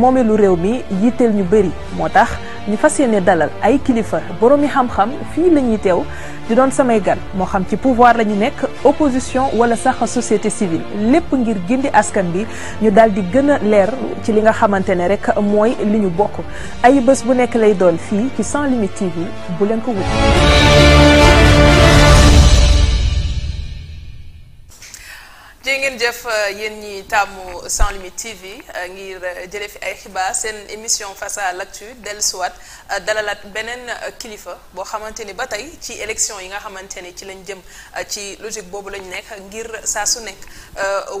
moomeelu réew mi yitteel ñu bëri moo tax ñu fas yéene dalal ay kilifa boroomi xam-xam fii la ñuy teew di doon samay gan moo xam ci pouvoir lañu nekk opposition wala sax société civile lépp ngir gindi askan bi ñu daal di gën a leer ci li nga xamante ne rek mooy li ñu bokk ay bés bu nekk lay doon fii ci Sans Limites TV bu leen ko wut jërëjëf euh, yéen ñi tàmmu Sans Limite TV euh, ngir euh, jële fi ay xibaar seen émission face à l'actu dellusiwaat dalalaat beneen kilifa boo xamante ni ba tey ci élection yi nga xamante ni ci lañ jëm ci logique boobu lañ nekk ngir saa su nekk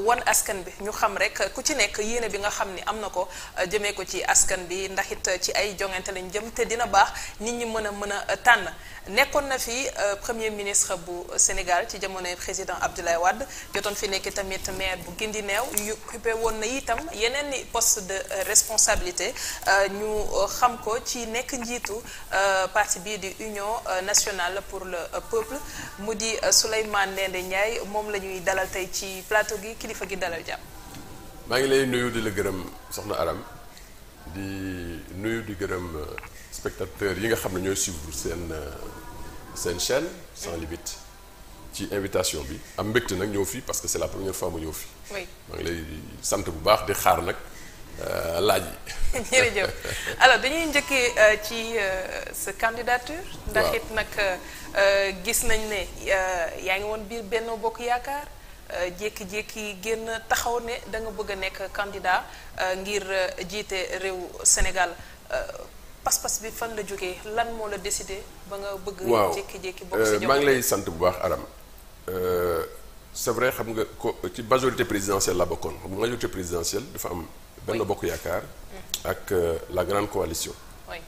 wan askan bi ñu xam rek ku ci nekk yéene bi nga xam ni am na ko jëmee ko ci askan bi ndax it ci ay jongante lañ jëm te dina baax nit ñi mën a mën a tànn nekkoon na fi euh, premier ministre bu Sénégal ci jamono jamonoy président Abdoulaye Wade jotoon fi nekk tamit maire bu di neew yu occupé woon na itam yeneen ni post de responsabilité euh, ñu xam ko ci nekk njiitu euh, parti bii di Union nationale pour le peuple mu di Souleymane Ndéné Ndiaye moom la ñuy dalal tey ci plateau gi kilifa gi dalal jàmm. maa ngi lay nuyu di la gërëm soxna Aram di nuyu di gërëm. spectateurs yi nga xam ne ñooy suivre seen euh, seen chaîne sans limite ci invitation bi am mbégte nag ñëw fii parce que c'est la première fois ma fi maa ngi lay sant bu baax di xaar nag euh, laaj yi jërëjëf dañuy njëkkee euh, ci sa candidature ndax it nag gis nañ ne yaa ngi woon biir Benno Bokk Yaakaar jékki-jékki génn taxaw ne danga bëgg a nekk candidat ngir jiite réew Sénégal pas-pas bi fan la jógee lan moo la décidé ba nga bëgg jékki-jékki bokk euh, si maa ngi lay sant bu baax Aram euh, c'est vrai xam nga ko ci majorité présidentielle la bokkoon xam nga majorité présidentielle dafa am benn bokk yaakaar mm. ak euh, la grande coalition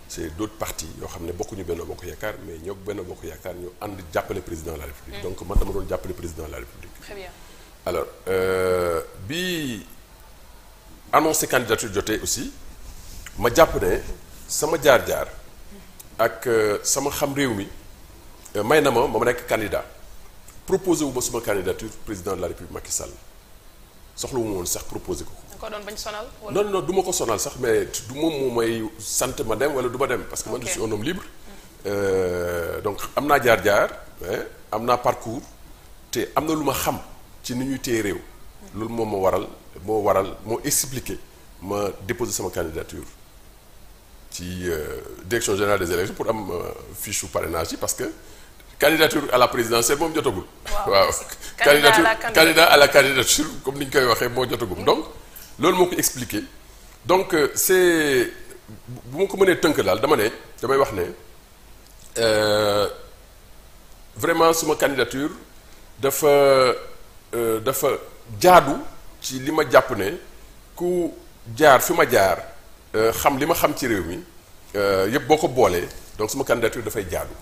c'est d'autres partis yoo xam ne bokkuñu benn bokk yaakaar mais ñoo benn bokk yaakaar ñu ànd jàppale président de la république mm. donc man dama doon jàppale président de la république très bien alors bi annoncé candidature jotee aussi ma jàpp sama jaar-jaar ak euh, sama xam réew mi euh, may na ma ma nekk candidat proposé wu ma suma candidature président de la république Macky Sall soxla wu woon sax proposé ko. ko doon bañ sonal. non non du ma ko sonal sax mais du moom moo may sant ma dem wala du ma dem. parce que man je suis un homme libre. Euh, donc am naa jaar-jaar am naa parcours te am na lu ma xam ci ni ñuy téye réew. Hmm. loolu moom ma waral moo waral moo expliqué ma déposé sama candidature. ci euh, direction générale des élections pour am euh, fiche su parrainage yi parce que candidature à la présidentielle moom jotagul. waaw candidature candidat à la candidature comme ni ñu koy waxee moo jotagum donc loolu moo ko expliqué donc euh, c'est bu ma ko mënee tënk daal dama ne damay wax ne vraiment suma candidature dafa dafa jaadu ci li ma jàpp ne ku jaar fi ma jaar. Euh, xam li ma xam ci réew mi euh, yëpp boo ko boolee donc suma candidature dafay jaadu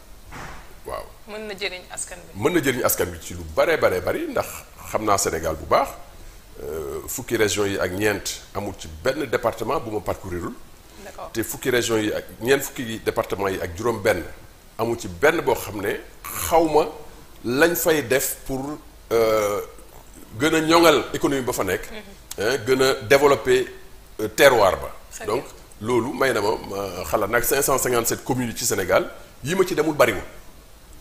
waaw. mën na jëriñ askan bi mën na jëriñ askan bi ci lu bare bare bari ndax xam naa Sénégal bu baax euh, fukki région yi ak ñeent amul ci benn département bu ma parcourirul. te fukki région yi ak ñeent fukki département yi ak juróom-benn amul ci benn boo xam ne xawma lañ fay def pour gën a ñoŋal économie ba fa nekk. Mm-hmm. gën a développer terroir ba. donc loolu may na ma ma xalaat nag 557 communes yi ci Sénégal yi ma ci demul bariwul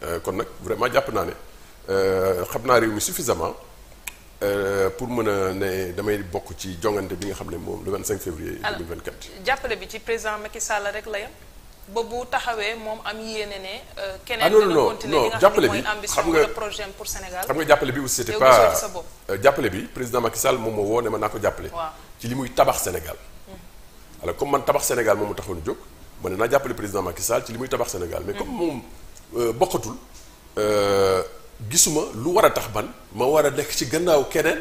euh, kon nag vraiment jàpp naa ne euh, xam naa réew mi suffisamment euh, pour mën a ne damay bokk ci jongante bi nga xam ne moom le 25 février 2024. jàppale bi ci président Macky Sall rek la yam ba bu taxawee moom am yéene ne. Ah, keneen dana continuer li nga xam ne mooy ambition projet pour xam nga jàppale bi aussi c'était pas jàppale bi président Macky Sall moom moo woo ma naa ko jàppale. ci li muy tabax Sénégal. alors comme man tabax Sénégal moom mu taxoon jóg ma ne naa jàppale président Macky Sall ci li muy tabax Sénégal mais comme moom euh, bokkatul euh, gisuma lu war a tax ban ma war a nekk ci gannaaw keneen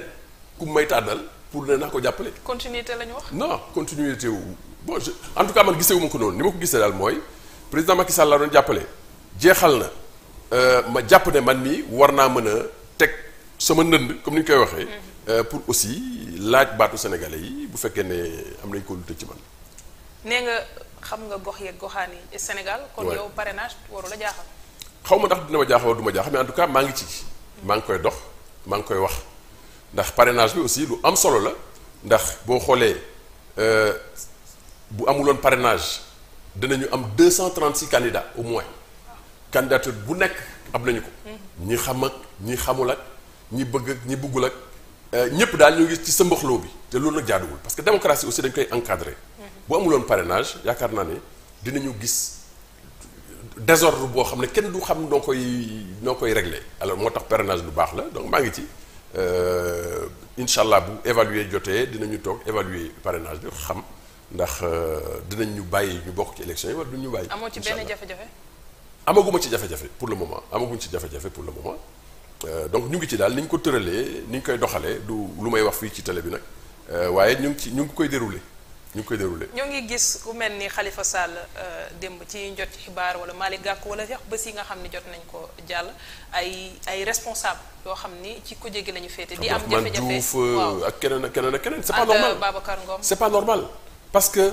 ku may tàddal pour ne naa ko jàppale. continuité lañu wax. non continuité wu bon en tout cas man gisee wu ko noonu ni ma ko gisee daal mooy président Macky Sall laa doon jàppale jeexal na euh, ma jàpp ne man mi war naa mën a teg sama ndënd comme ni ñu koy waxee. Mhm. pour aussi laaj baatu sénégalais yi bu fekkee ne am nañ ko ci man. nee nga xam nga gox yeeg goxaan yi Sénégal. kon yow parenage waru la xaw ma ndax dina ma jaaxal du ma jaaxal mais en tout cas maa ngi ci. maa ngi koy dox maa ngi koy wax ndax parenage bi aussi lu am solo la ndax boo xoolee euh, bu amuloon parrainage dinañu am 236 candidats au moins candidature bu nekk am nañu ko. Mm-hmm. ñi xam ak ñi xamul ak ñi bëgg ak ñi bëggul ak euh, ñëpp daal ñu ngi ci sa mboxloo bi te loolu nag jaaduwul parce que démocratie aussi dañ koy encadrer. bu amuloon parrainage yaakaar naa ne dinañu gis désordre boo xam ne kenn du xam noo koy noo koy regle alors moo tax parenage lu baax la donc maa ngi ci euh, incha allah bu évaluer jotee dina ñu toog évaluer parrainage bi xam ndax euh, dinañ ñu bàyyi ñu bokk ci élection yi wala duñ ñu bàyyi. amoo ci benn jafe-jafe. amaguma ci jafe-jafe pour le moment amaguñ ci jafe-jafe pour le moment euh, donc ñu ngi ci daal ni ñu ko tëralee ni ñu koy doxalee du lu may wax fii ci télé bi nag waaye ñu ngi ci ñu ngi koy dérouler. ñu koy déroulé. ñoo ngi gis ku mel ni Khalifa Sall euh, démb ci njot ci xibaar wala maali gàkk wala sax bés yi nga xam ni jot nañ ko jàll ay ay responsable yoo xam ni ci ko jéggi la féete. di am jafe-jafe euh, waaw ak keneen ak keneen ak keneen. c'est pas euh, normal Babacar Ngom c'est pas parce que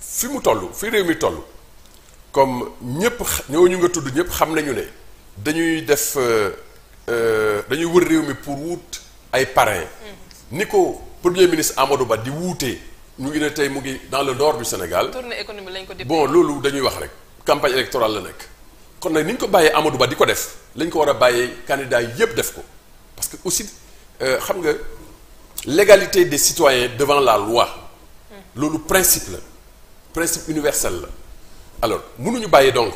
fi mu toll fi réew mi toll comme ñëpp ñooñu nga tudd ñëpp xam nañu ne dañuy def dañuy wër réew mi pour wut ay parrain mm-hmm. ni ko. premier ministre Amadou Ba di wuutee ñu ngi ne tey mu ngi dans le nord du Sénégal. tournée économique lañ ko def. bon loolu dañuy wax rek campagne électorale la nekk kon nag ni ñu ko bàyyee Amadou Ba di ko def lañ ko war a bàyyee candidat yépp def ko parce que aussi euh, xam nga l'égalité des citoyens devant la loi. Hmm. loolu principe la principe universel la alors mënuñu bàyyi donc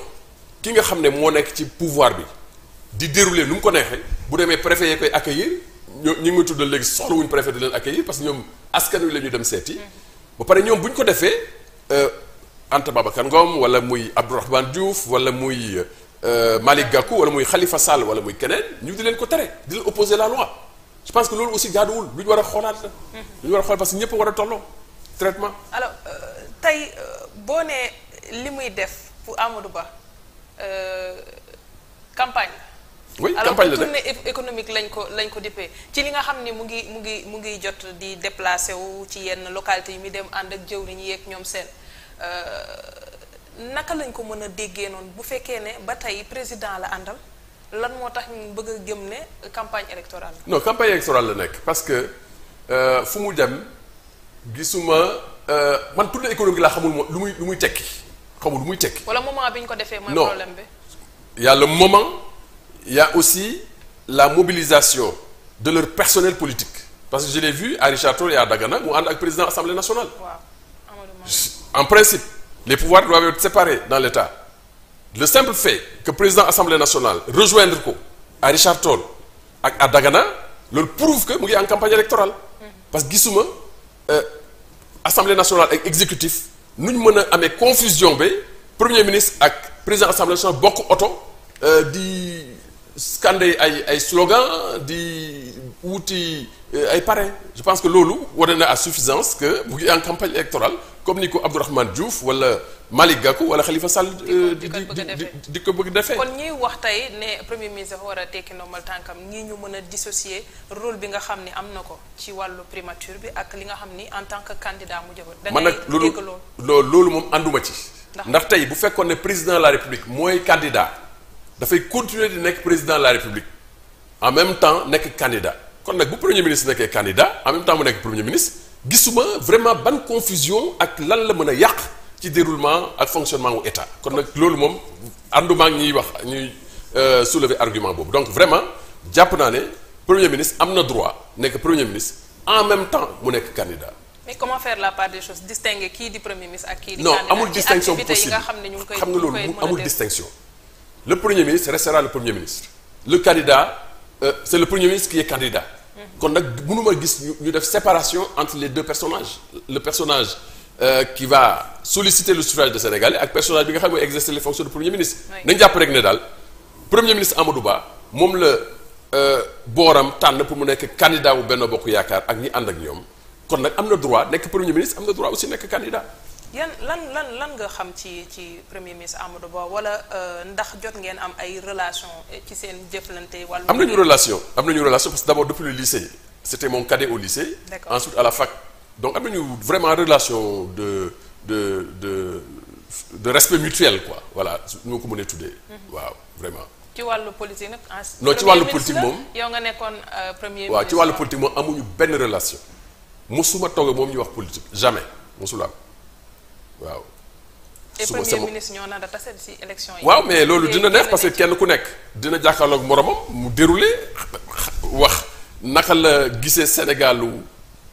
ki nga xam ne moo nekk ci pouvoir bi di dérouler lu mu ko neexee bu demee préfet yee koy accueillir. ñoo ñi ngi ma tuddal léegi soxla wuñ préfet di leen accueillir parce que ñoom askan wi la ñuy dem seeti ba pare ñoom bu ñu ko defee euh, Anta Babacar Ngom wala muy Abdourahmane Diouf wala muy euh, Malick Gakou wala muy Khalifa Sall wala muy keneen ñu di leen ko tere di leen opposer la loi je pense que loolu aussi jaaduwul lu ñu war a xoolaat la lu ñu war a xool parce que ñëpp war a tolloo traitement alo euh, tey boo nee li muy def pour Amadou Ba campagne oui alors, campagne la de tournée économique lañ ko lañ ko dippee ci li nga xam ni mu ngi mu ngi mu ngi jot di déplacé wu ci yenn localité yi muy dem ànd ak jëwriñ ñu ak ñoom seen euh, naka lañ ko mën a déggee noonu bu fekkee ne ba tey président la àndal lan moo tax ñu bëgg a gëm ne campagne électorale la. non campagne électorale la nekk parce que euh, fu mu dem gisuma euh, man tournée économique laa xamul moom lu muy lu muy tekki xamul lu muy tekki. wala moment bi ñu ko defee. mooy problème bi non il aussi la mobilisation de leur personnel politique parce que je l'ai vu à Richard Toll et a Dagana mu ànd ak président Assemblée nationale. waaw. en principe les pouvoirs doivent être séparés dans l'État le simple fait que président Assemblée nationale rejoindre ko à Richard Toll ak à Dagana loolu prouve que mu ngi en campagne électorale. parce que gisuma euh, Assemblée nationale ak exécutif nu ñu mën a amee confusion ba premier ministre ak président Assemblée nationale bokk oto euh, kande ay ay slogan di wuti euh, ay parrain je pense que loolu wane na à suffisance que bu en campagne électorale comme ni ko Abdourahmane Diouf wala Malik gako wala Khalifa Sall. di euh, di ko bëgg defee kon ñuy wax tey ne premier ministre war a tekki ndombal tànkam ñii ñu mën a dissocier rôle bi nga xam ni am na ko ci wàllu primature bi ak li nga xam ni en tant que candidat mu jëbal. da ngay dégg loolu man nag loolu loolu moom ànduma ci. ndax tey bu fekkoon ne président de la république mooy candidat. dafay continuer di nekk président de la république en même temps nekk candidat kon nag bu premier ministre nekkee candidat en même temps mu nekk premier ministre gisuma vraiment ban confusion ak lan la mën a yàq ci déroulement ak fonctionnement wu état kon nag loolu moom ànduma ak ñuy wax ñuy euh, soulever argument boobu donc vraiment jàpp naa ne premier ministre am na droit nekk premier ministre en même temps mu nekk candidat. mais comment faire la part des choses nga loolu amul distinction. le premier ministre restera le premier ministre le candidat euh, c'est le premier ministre qui est candidat kon nag mënuma gis ñu def séparation entre les deux personnages le personnage euh, qui va solliciter le suffrage des Sénégalais ak personnage bi nga xam ne mooy exercer les fonctions de premier ministre nañ jàpp rek ne daal premier ministre Amadou Ba moom la euh, booram tànn pour mu nekk candidat wu benn Bokk Yaakaar ak ñi ànd ak ñoom kon nag am na droit nekk premier am na droit aussi nekk candidat yan lan lan lan nga xam ci ci premier ministre Amadou Ba wala euh, ndax jot ngeen am ay relation ci seen jëflante wàllu. am na ñu relation am nañu relation parce que d'abord depuis le lycée c'était mon cadet au lycée. D'accord. ensuite à la fac donc am ñu vraiment relation de de de de respect mutuel quoi voilà nu ma ko mënee tuddee. Mhm. waaw vraiment. ci wàllu politique nag. non ci wàllu politique moom yow nga nekkoon euh, premier ministre waaw ci wàllu politique moom amuñu benn relation mosuma toog moom ñu wax politique jamais mosula waaw. su ma premier ministre ñoo naan tase ci élection yi. waaw mais loolu dina neex parce que kenn ku nekk dina jàkkaarloog moromam mu déroulé wax naka la gisee Sénégalu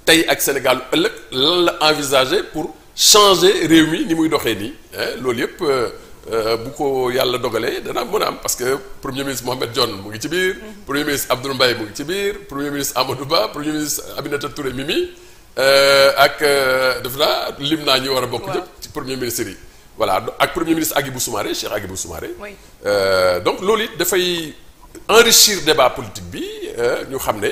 tey ak Sénégalu ëllëg lan la envisager pour changer réew mi ni muy doxee nii loolu yëpp euh, euh, bu ko yàlla dogalee dana mën a am parce que premier ministre Mohamed Dionne mu ngi ci biir. Mhm. premier ministre Abdoul Mbaye mu ngi ci biir premier ministre Amadou Ba premier ministre Aminata Touré Mimi. Euh, ak euh, def naa lim naa ñu war a bokk ñëpp ci premier ministre yi voilà ak premier ministre Hadjibou Soumaré Cheikh Hadjibou Soumaré euh, donc loolu it dafay enrichir débat politique bi ñu xam ne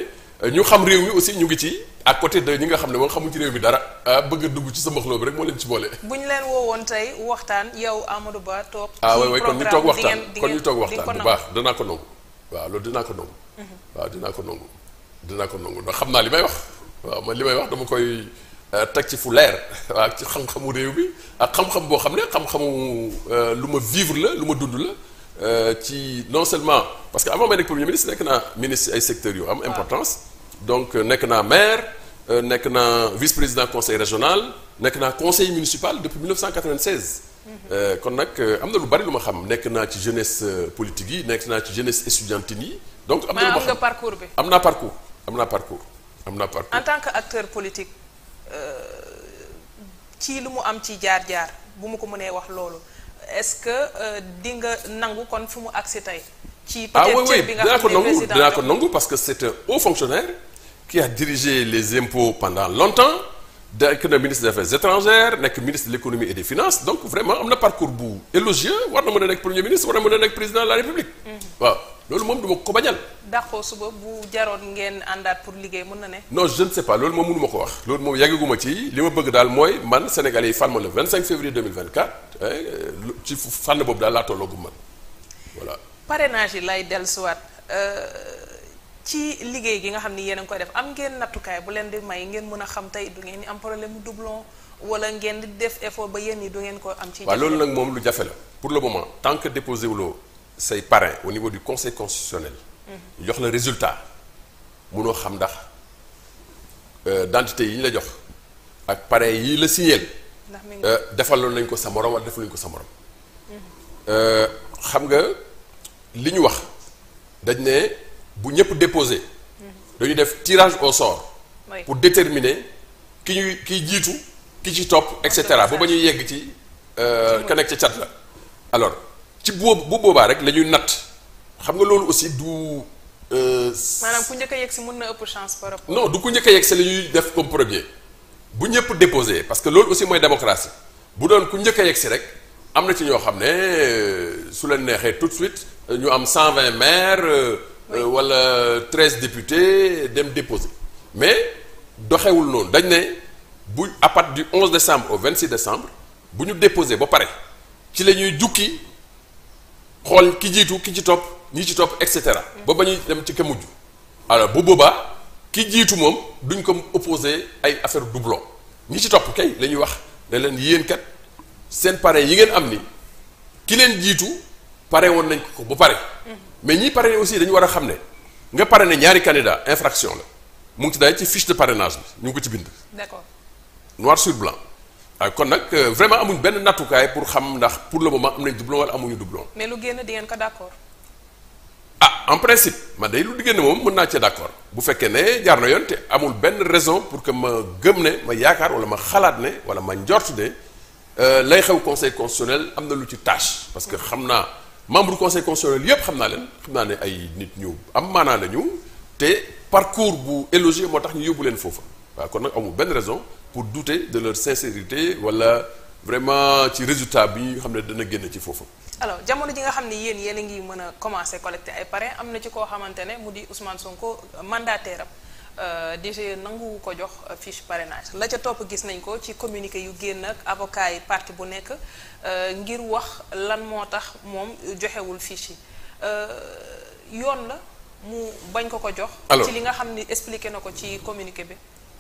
ñu xam réew mi aussi ñu ngi ci ak côté de ñi nga xam ne woon xamuñ ci réew mi dara ah, bëgg a dugg ci sa mbaxloo bi rek moo leen ci boole. bu ñu leen woon tey waxtaan yow Amadou Ba toog. ah oui oui kon ñu toog waxtaan kon ñu toog waxtaan bu baax danaa ko nangu. waaw loolu dinaa ko nangu. Mhm. waaw dinaa ko nangu dinaa ko nangu ndax xam naa li may wax. waaw man li may wax dama koy euh, teg ci fu leer waaw ci xam-xamu réew bi ak xam-xam boo xam ne xam-xamu euh, lu ma vivre la lu ma dund la euh, ci non seulement parce que avant may nekk premier ministre nekk naa ministre secteurs yu am ah. importance donc nekk naa maire nekk naa vice président conseil régional nekk naa conseil municipal depuis 1996. Mhm. kon nag am na lu bari lu ma xam nekk naa ci jeunesse politique yi nekk naa ci jeunesse estudiantine yi. donc am na lu ma xam ah, am nga parcours bi. am naa parcours am naa parcours. am na en tant que acteur politique euh, cii lu mu am ci jaar-jaar bu mu ko mënee wax loolu est-ce que euh, di nga nangu kon fu mu agsi tey. ci ah peut-être bi oui oui dinaa ko nangu dinaa ko nangu parce que c'est un haut fonctionnaire qui a dirigé les impôts pendant longtemps. nekk na ministre des affaires étrangères nekk ministre de l'économie et des finances donc vraiment am na parcours bu élogieux war na mën a nekk premier ministre war na mën a nekk président de la république mhm. waaw loolu moom du ko bañal dàqoo suba bu jaroon ngeen àndaat pour liggéey mën na ne non je ne sais pas loolu moom mënu ma ko wax loolu moom yàggaguma ci li ma bëgg daal mooy man sénégalais yi fànn ma février 2024 ci fànn boobu daal laa tolloogum man voilà ci liggéey gi nga xam ni yéen a ngi koy def am ngeen nattukaay bu leen di may ngeen mën a xam tey du ngeen di am problème mu doublon wala ngeen def effort ba yéen yi du ngeen ko am. ci waaw loolu nag moom lu jafe la pour le moment tant que déposé wuloo say parrain au niveau du conseil constitutionnel. Mhm. jox la résultat mënoo xam ndax d'identité euh, yi ñu la jox ak parrain yi la signeel. ndax mi euh, defaloon nañ ko sa morom wala defaluñ ko sa morom. Mhm. Euh, xam nga li ñu wax dañ ne. bu ñëpp déposé dañu def tirage au sort pour déterminer ki ñuy kiy jiitu ki ci topp et cetera ba ba ñuy yegg ci euh, ka nekk cat la alors ci boobu bu boobaa rek lañuy natt xam nga loolu aussi du euh, maanaam ku njëkk a yegg si mën na ëpp chance par rapport du ku njëkk a yegg la ñuy def comme premier bu ñëpp déposé parce que loolu aussi mooy démocratie bu doon ku njëkk a yegg si rek am na ci ñoo xam ne euh, su leen neexee tout de suite ñu am 120 maires Euh, wala treize députés dem déposer mais doxewul noonu dañ ne bu à partir du onze décembre au vingt six décembre bu ñu déposé ba pare ci la ñuy jukki xool ki jiitu ki ci topp ñi ci topp et cetera. ba ba ñuy dem ci ka mujj. bu boobaa ki jiitu moom duñ ko opposé ay affaire doublon ñi ci topp kay lañuy wax ne leen yéenkat seen pare yi ngeen am ni ki leen jiitu pare woon nañ ko ba pare. Mm-hmm. mais ñiy parrainé aussi dañu war a xam ne nga ne ñaari candidat infraction la mu ngi ci daal ci fiche de parrainage bi ñu ngi ko ci bind. d'accord noir sur blanc. waaw ah, kon nag euh, vraiment amuñ benn nattukaay pour xam ndax pour le moment am na doublon amuñu doublon. mais lu génn di ngeen ko d'accord. ah en principe man lu di génn moom mën naa cee d'accord bu fekkee ne jaar na yoon te amul benn raison pour que ma gëm ne ma yaakaar wala ma xalaat ne wala ma njort ne euh, lay xew conseil constitutionnel am na lu ci tâche parce que xam naa. membre du conseil constitutionnel yëpp xam naa leen xam naa ne ay nit ñu am maanaa la ñu te parcours bu élogieux moo tax ñu yóbbu leen foofa waaw kon nag amul benn raison pour douter de leur sincérité wala vraiment ci résultat bi nga xam ne dana génn ci foofa. alors jamono ji nga xam ne yéen yéen a ngi mën a commencer collecter ay parrains am na ci koo xamante ne mu di Ousmane Sonko mandataire am Euh, DG nanguwu ko jox euh, fiche parrainage la ca topp gis nañ ko ci communiqué yu génn ak avocat yi parti bu nekk euh, ngir wax lan moo tax moom joxewul fiche yi yoon la mu bañ ko ko jox. ci li nga xam ni expliqué na ko ci communiqué bi.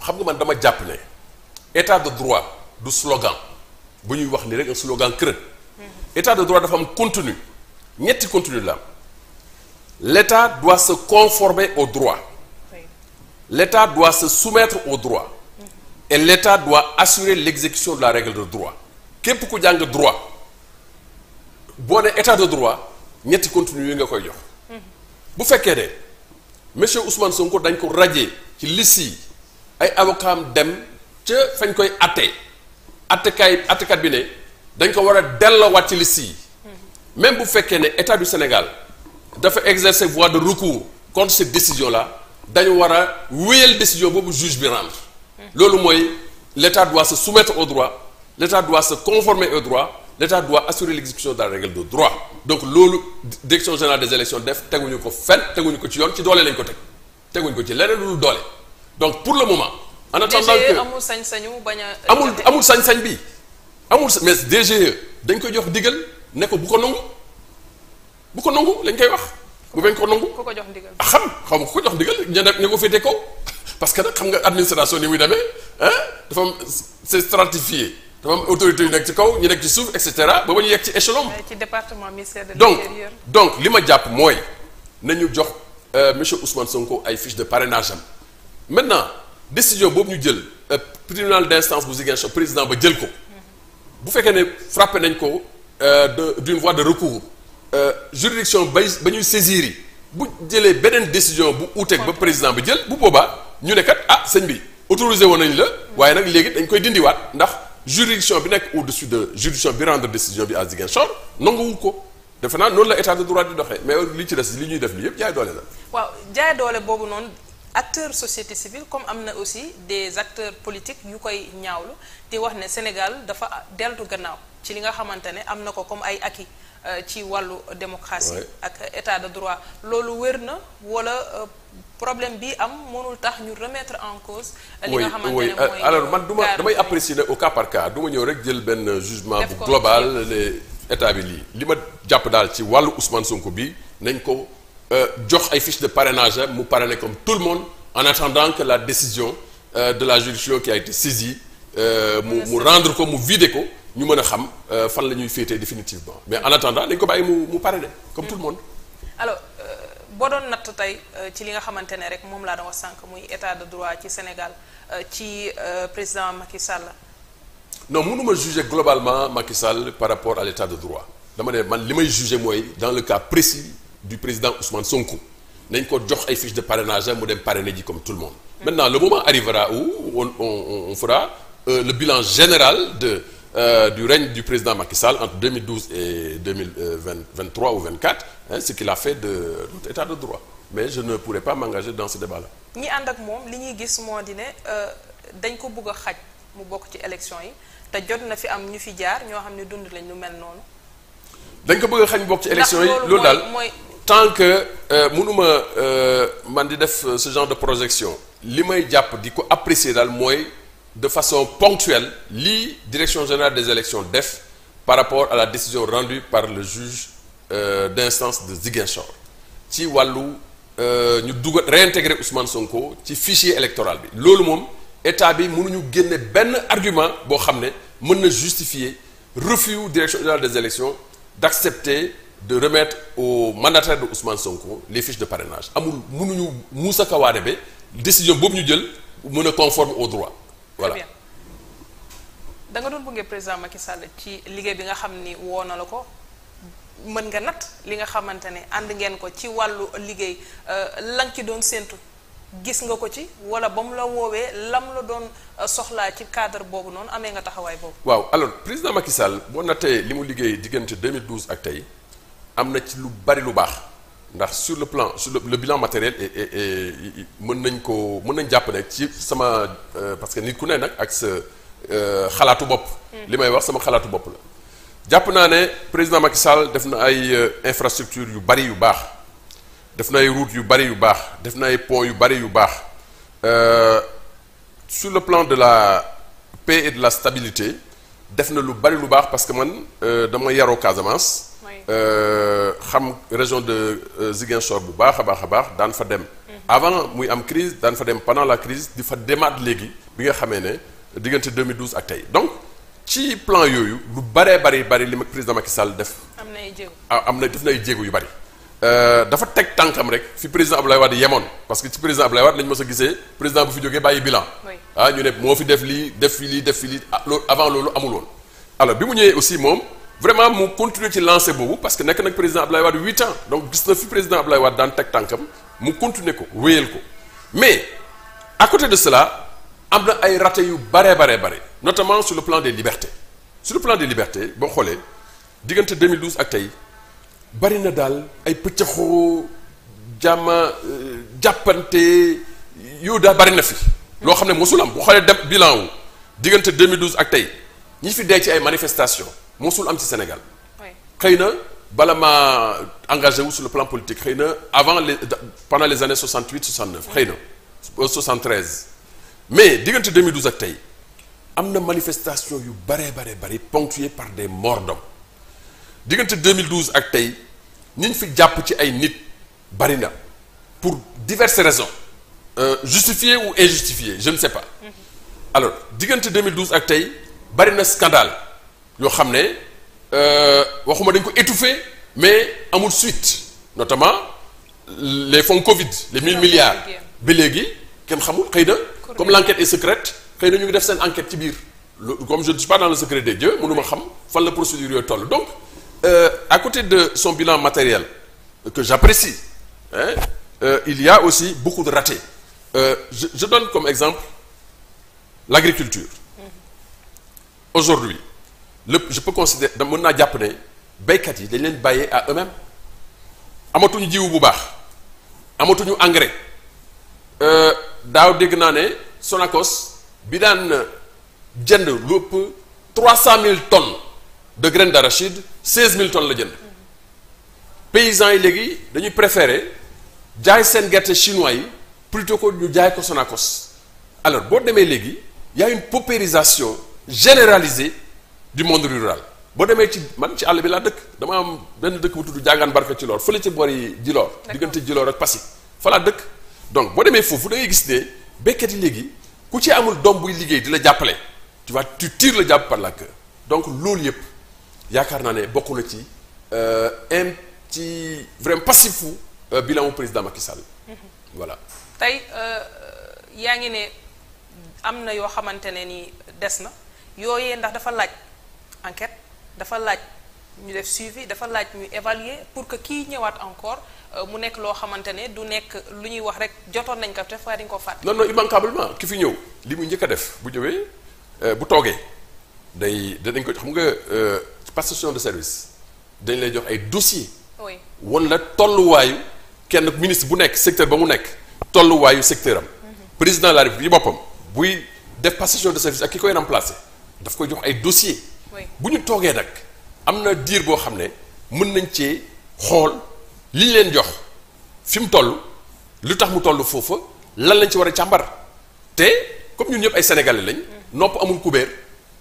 xam nga man dama jàpp ne état de droit du slogan bu ñuy wax ni rek un slogan creux. Mhm. état de droit dafa am contenu ñetti contenu la am l' état doit se conformer au droit. l'État doit se soumettre au droit et l'État doit assurer l'exécution de la règle de droit képp ku jàng droit boo ne état de droit ñetti continue yi nga koy jox bu fekkee ne monsieur Ousmane Sonko dañ ko radier ci liste yi ay avocat am dem ca fañ koy atte attekaay attekat bi ne dañ ko war a dellowaat ci liste yi même bu fekkee ne état du Sénégal dafa exercer voie de recours contre cette décision là dañu war a wéyal décision boobu juge bi rendre loolu mooy l'état doit se soumettre au droit l'état doit se conformer au droit l'état doit assurer l'exécution de la règle de droit donc loolu direction générale des élections def teguñu ko fen teguñu ko ci yoon ci doole lañ ko teg teguñu ko ci leneen lu doole donc pour le moment en e attendant que amul sañ-sañu bañ a amul amul sañ-sañ bi amul mais DGE dañ koy jox diggal ne bu ko nangu bu ko nangu lañ koy wax bu bañ ko nangu ku ko jox ndigal xam xaw ma ku ko jox ndigal ña dem ko féete kaw parce que nag xam nga administration ni muy demee dafa am c'est dafa autorité yu nekk ci kaw ñu nekk ci suuf et cetera ba ba ñu yegg ci échelon euh, ci département ministère de l'intérieur donc donc li ma jàpp mooy na ñu jox euh, monsieur Ousmane Sonko ay fiche de parrainage am maintenant décision boobu ñu jël euh, tribunal d'instance bu Ziguinchor président ba jël ko mm-hmm. bu fekkee ne frappé nañ ko de d'une voie de recours Euh, juridiction bay ba ñuy saisir yi bu jëlee beneen décision bu uuteeg ba président bi jël bu boobaa ñu ne kat ah sëñ bi autorisé woon nañ la waaye nag léegi dañ koy dindiwaat ndax juridiction bi nekk au-dessus de juridiction bi rendre décision bi à Ziguinchor nanguwu ko defe naa noonu la état de droit di doxee mais li ci des li ñuy def li yëpp jaay doole la. waaw jaay doole boobu noonu. acteur société civile comme am na aussi des acteurs politiques yu koy ñaawlu di wax ne Sénégal dafa deltu gannaaw ci li nga xamante ne am na ko comme ay acquis Euh, ci wàllu démocratie ak état de droit loolu wér na wala euh, problème bi am mënul tax ñu remettre en cause li nga xamante ne mooy euh, alors man duma damay apprécier ne au cas par cas du ñëw rek jël benn jugement bu global les état bi lii li ma jàpp daal ci wàllu Ousmane Sonko bi nañ ko jox ay fiche de parrainage mu parrainé comme tout le monde en attendant que la décision de la juridiction ki a été saisie mu mu rendre ko mu vider ko ñu mën a xam euh, fan la ñuy féetee définitivement mais en attendant dañ ko bàyyi mu mu pare de comme tout le monde. alors euh, boo doon natt tey euh, ci nga xamante ne rek moom laa doon sànq muy état de droit ci Sénégal ci président Macky Sall. non mënuma juger globalement Macky Sall par rapport à l'état de droit dama ne man li may juger mooy dans le cas précis du président Ousmane Sonko nañ ko jox ay fiche de parrainage mu dem parrainer ji comme tout le monde. Mm. maintenant le moment arrivera où on on le bilan général de. euh, du règne du président Macky Sall entre 2012 et 2023 ou 24 hein, ce qu'il a fait de notre état de droit mais je ne pourrais pas m'engager dans ce débat là ñi ànd ak moom li ñuy gis moo di ne euh, dañ ko bëgg a xaj mu bokk ci élection yi te jot na fi am ñu fi jaar ñoo xam ne dund lañ lu mel noonu dañ ko bëgg a xaj mu bokk ci élection yi loolu daal tant que euh, mënuma euh, man di def ce genre de projection li may jàpp di ko apprécier daal mooy de façon ponctuelle lii direction générale des élections def par rapport à la décision rendue par le juge euh, d'instance de Ziguinchor ci wàllu euh, ñu dugal réintégrer Ousmane Sonko ci fichier électoral bi loolu moom état bi mënuñu génne benn argument boo xam ne mën na justifier refus direction générale des élections d'accepter de remettre au mandataire de Ousmane Sonko les fiches de parrainage amul mënuñu Moussa bi décision boobu ñu jël mën a conforme au droit voilà très nga doon bëggee président Macky ci liggéey bi nga xam ni woo na la ko mën nga natt li nga xamante ne ànd ngeen ko ci wàllu liggéey euh, la nga ci doon séentu gis nga ko ci wala ba mu la woowee la mu la doon euh, soxlaa ci cadre boobu noonu amee nga taxawaay boobu. waaw alors président Macky boo na nattee li mu liggéey diggante 2012 ak tey am na ci lu bari lu baax. ndax sur le plan sur le, le bilan matériel mën nañ koo mën nañ jàpp ne ci sama euh, parce que nit ku ne nag ak sa euh, xalaatu bopp mm. li may wax sama xalaatu bopp la jàpp naa ne président Macky Sall def na ay euh, infrastructure yu bari yu baax def na ay route yu bari yu baax def na ay pont yu bari yu baax sur le plan de la paix et de la stabilité def na lu bari lu baax parce que man dama yaroo Casamance xam région de euh, Ziguinchor bu baax a baax a baax daan fa dem. Mhm. avant muy am crise daan fa dem pendant la crise di fa demaat léegi bi nga xamee ne diggante 2012 ak tey donc ci plan yooyu lu baree bari bari li ma président Macky Sall def. am na ah, am na def nay ay yu bari. Euh, dafa teg tànkam rek fi président Abdoulaye Wade yemoon parce que ci président Abdoulaye Wade lañ mës a gisee président bu fi jógee bàyyi bilan. ah ñu ne moo fi def lii def fi lii def fi lii ah loolu avant loolu amul woon. bi mu ñëwee aussi moom. vraiment mu continuer ci lancé boobu parce que nekk nag président Ablaye Wade huit ans donc gis na fi président Ablaye Wade daan teg tànkam mu continuer ko wéyal ko mais à côté de cela am na ay raté yu bare bare bare notamment sur le plan des libertés su le plan des libertés boo xoolee diggante 2012 ak tey bari na daal ay pëccaxoo jàmma euh, jàppante yow daa bari na fi. loo xam ne mosul am boo xoolee dem bilan wu diggante 2012 ak tey ñi fi dee ci ay manifestations. mosul am ci Sénégal. xëy na bala maa engagé wu sur le plan politique xëy na avant les pendant les années 68 69 xëy na 73 euh, mais diggante 2012 ak tey am na manifestation yu bare bare bari ponctuées par des morts d'hommes diggante 2012 ak tey ñi ñu fi jàpp ci ay nit bari na pour diverses raisons euh, justifiées ou injustifiées je ne sais pas mm-hmm. alors diggante 2012 ak tey bari na scandale yoo xam ne euh, waxuma dañ ko étouffé mais amul suite notamment les fonds Covid les mille milliards bi léegi kenn xamul xëy na comme l'enquête est secrète xëy na ñu ngi def seen enquête ci biir comme je ne suis pas dans le secret des dieux mënuma xam fan la procédure yooyu toll donc euh, à côté de son bilan matériel que j'apprécie hein, euh, il y aussi beaucoup de ratés euh, je, je donne comme exemple l'agriculture mmh. aujourd'hui lépp je peux considérer da naa jàpp béykat yi dañ leen bàyyee à eux-mêmes amatuñu bu baax amatuñu engrais euh, daaw dégg naa ne Sonacos bi daan jënd lu trois cent mille tonnes de graines d'arachide seize mille tonnes la jënd paysans yi léegi dañuy préférer jaay seen gerte chinois yi plutôt que ñu jaay ko sonakos alors boo demee léegi y a une paupérisation généralisée du monde rural boo demee ci man ci àll bi laa dëkk dama am benn dëkk bu tudd jàngaan barka ci loor fële ci bor yi Djilor diggante Djilor ak Passy fa laa dëkk donc boo demee foofu da gis ne béykat yi léegi ku ci amul doom buy liggéey di la jàppale tu vois tu tires le jàpp par la donc loolu yëpp yaakaar naa ne bokk na ci euh, un ci vraiment passif fu euh, bilan mu président Macky Sall mhm. voilà tey euh, yaa ngi ne am na yoo xamante ne ni des na yooyee ndax dafa laaj enquête dafa laaj ñu def suivi dafa laaj ñu évaluer pour que kii ñëwaat encore euh, mu nekk loo xamante ne du nekk lu ñuy wax rek jotoon nañ ko te fa dañ ko fàtte. non non immanquablement ki fi ñëw li muy njëkk a def bu ñëwee euh, bu toogee day danañ ko xam nga euh, passation de service dañ lay jox ay dossiers. oui la tolluwaayu kenn ministre bu nekk secteur ba mu nekk tolluwaayu secteur am. Mhm. président de la République yi boppam buy def passation de service ak ki koy remplacer daf ko jox ay dossiers. bu ñu toogee nag am na diir boo xam ne mën nañ cee xool li leen jox fi mu toll lu tax mu toll foofa lan lañ ci war a càmbar te comme ñun ñëpp ay sénégalais lañ. nopp amul kubéer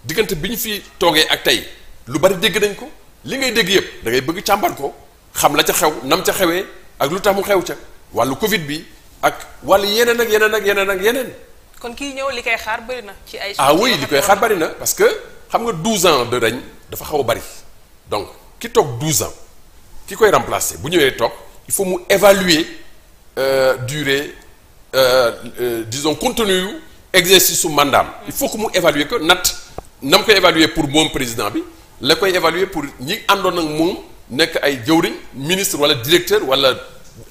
diggante bi ñu fi toogee ak tey lu bari dégg nañ ko li ngay dégg yëpp dangay bëgg càmbar ko xam la ca xew nam ca xewee ak lu tax mu xew ca wàllu Covid bi ak wàllu yeneen ak yeneen ak yeneen ak yeneen. kon kii ñëw li koy xaar bari na. ci ay ah oui li koy xaar bari na parce que. xam nga 12 ans de règne dafa xaw a bari donc ki toog 12 ans ki koy remplacer bu ñëwee toog il faut mu évaluer dure euh, durée euh, euh, disons contenu yu exercice su mandaam il faut que mu évaluer ko nat nam ko évaluer pour moom président bi la koy évaluer pour ñi àndoon ak moom nekk ay jëwriñ ministre wala directeur wala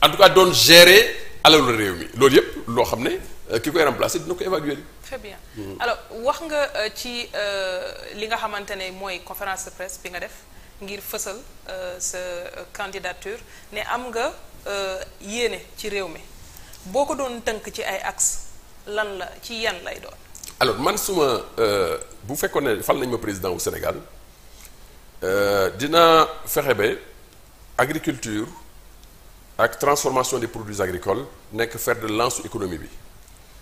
en tout cas doon gérer alalu réew mi loolu yëpp loo xam ne euh, ki koy remplacer dina ko évaluer très bien mm. alors wax nga euh, ci euh, li nga xamante ne mooy conférence de presse bi nga def ngir fësal euh, sa candidature ne am nga yéene ci réew mi boo ko doon tënk ci ay axe lan la ci yan lay doon. alors man suma bu fekkoon ne fal nañ ma président wu Sénégal dina fexe ba agriculture ak transformation des produits agricoles nekk fer de lance économie bi.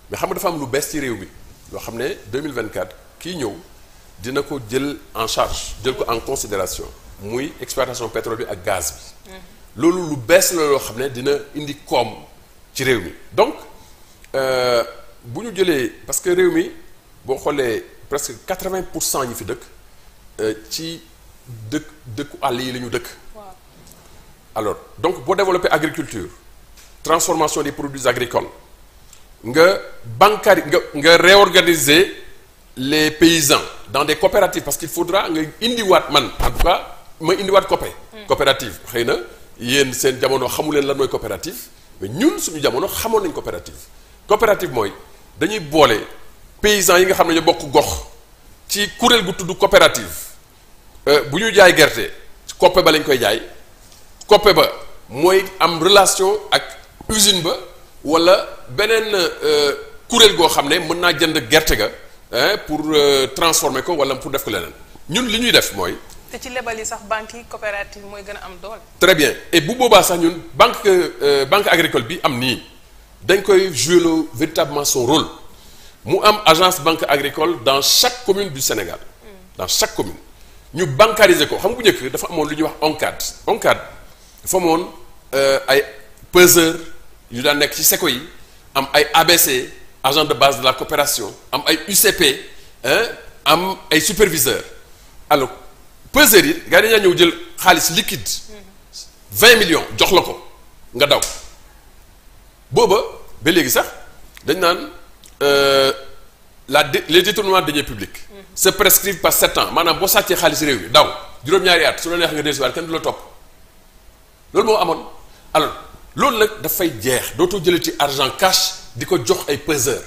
mais xam nga dafa am lu bees ci réew mi loo xam ne 2024 kii ñëw dina ko jël en charge jël ko en considération muy exploitation pétrole bi ak gaz bi mm-hmm. loolu lu bees la loo xam ne dina indi koom ci réew mi donc euh, bu ñu jëlee parce que réew mi boo xoolee presque 80 pour cent ñu fi dëkk euh, ci dëkk dëkku àll yi lañu dëkk alors donc boo développer agriculture transformation des produits agricoles nga bancari nga nga réorganiser les paysans dans des coopératives parce qu'il faudra nga indiwaat man en tout ma indiwaat coopé hmm. coopérative xëy na yéen seen jamono xamu leen lan mooy coopérative mais ñun suñu jamono xamoon nañ coopérative coopérative mooy dañuy boole paysans yi nga xam ne ñu bokk gox ci kuréel gu tudd coopérative euh, bu ñu jaay gerte coppe ba lañ koy jaay coppe ba mooy am relation ak usine ba wala beneen euh, kuréel goo xam ne mën naa jënd gerte ga pour euh, transformer ko wala pour def ko leneen ñun li ñuy def mooy. te ci lebal yi sax banque yi coopérative mooy gën a am doole. très bien et bu boobaa sax ñun banque euh, banque agricole bi am nii dañ koy jouer le véritablement son rôle mu am agence banque agricole dans chaque commune du Sénégal. Mm. dans chaque commune ñu bancariser ko xam nga bu njëkk dafa amoon lu ñuy wax ONCAD. ONCAD dafa amoon ay peseurs. ñu daan nekk ci SECO yi am ay ABC agent de base de la coopération am ay UCP am ay superviseur alors peseurs yi gars yi dañaa ñëw jël xaalis liquide vingt millions jox la ko nga daw booba ba léegi sax dañ naan euh, la les détournements de deniers publics se prescrivent par sept ans maanaam boo sàccee xaalis réew mi daw juróom-ñaari at su la neex nga dellusiwaat kenn du la topp loolu moo amoon alors loolu nag dafay jeex dootu jëlee ci argent cash di ko jox ay peseur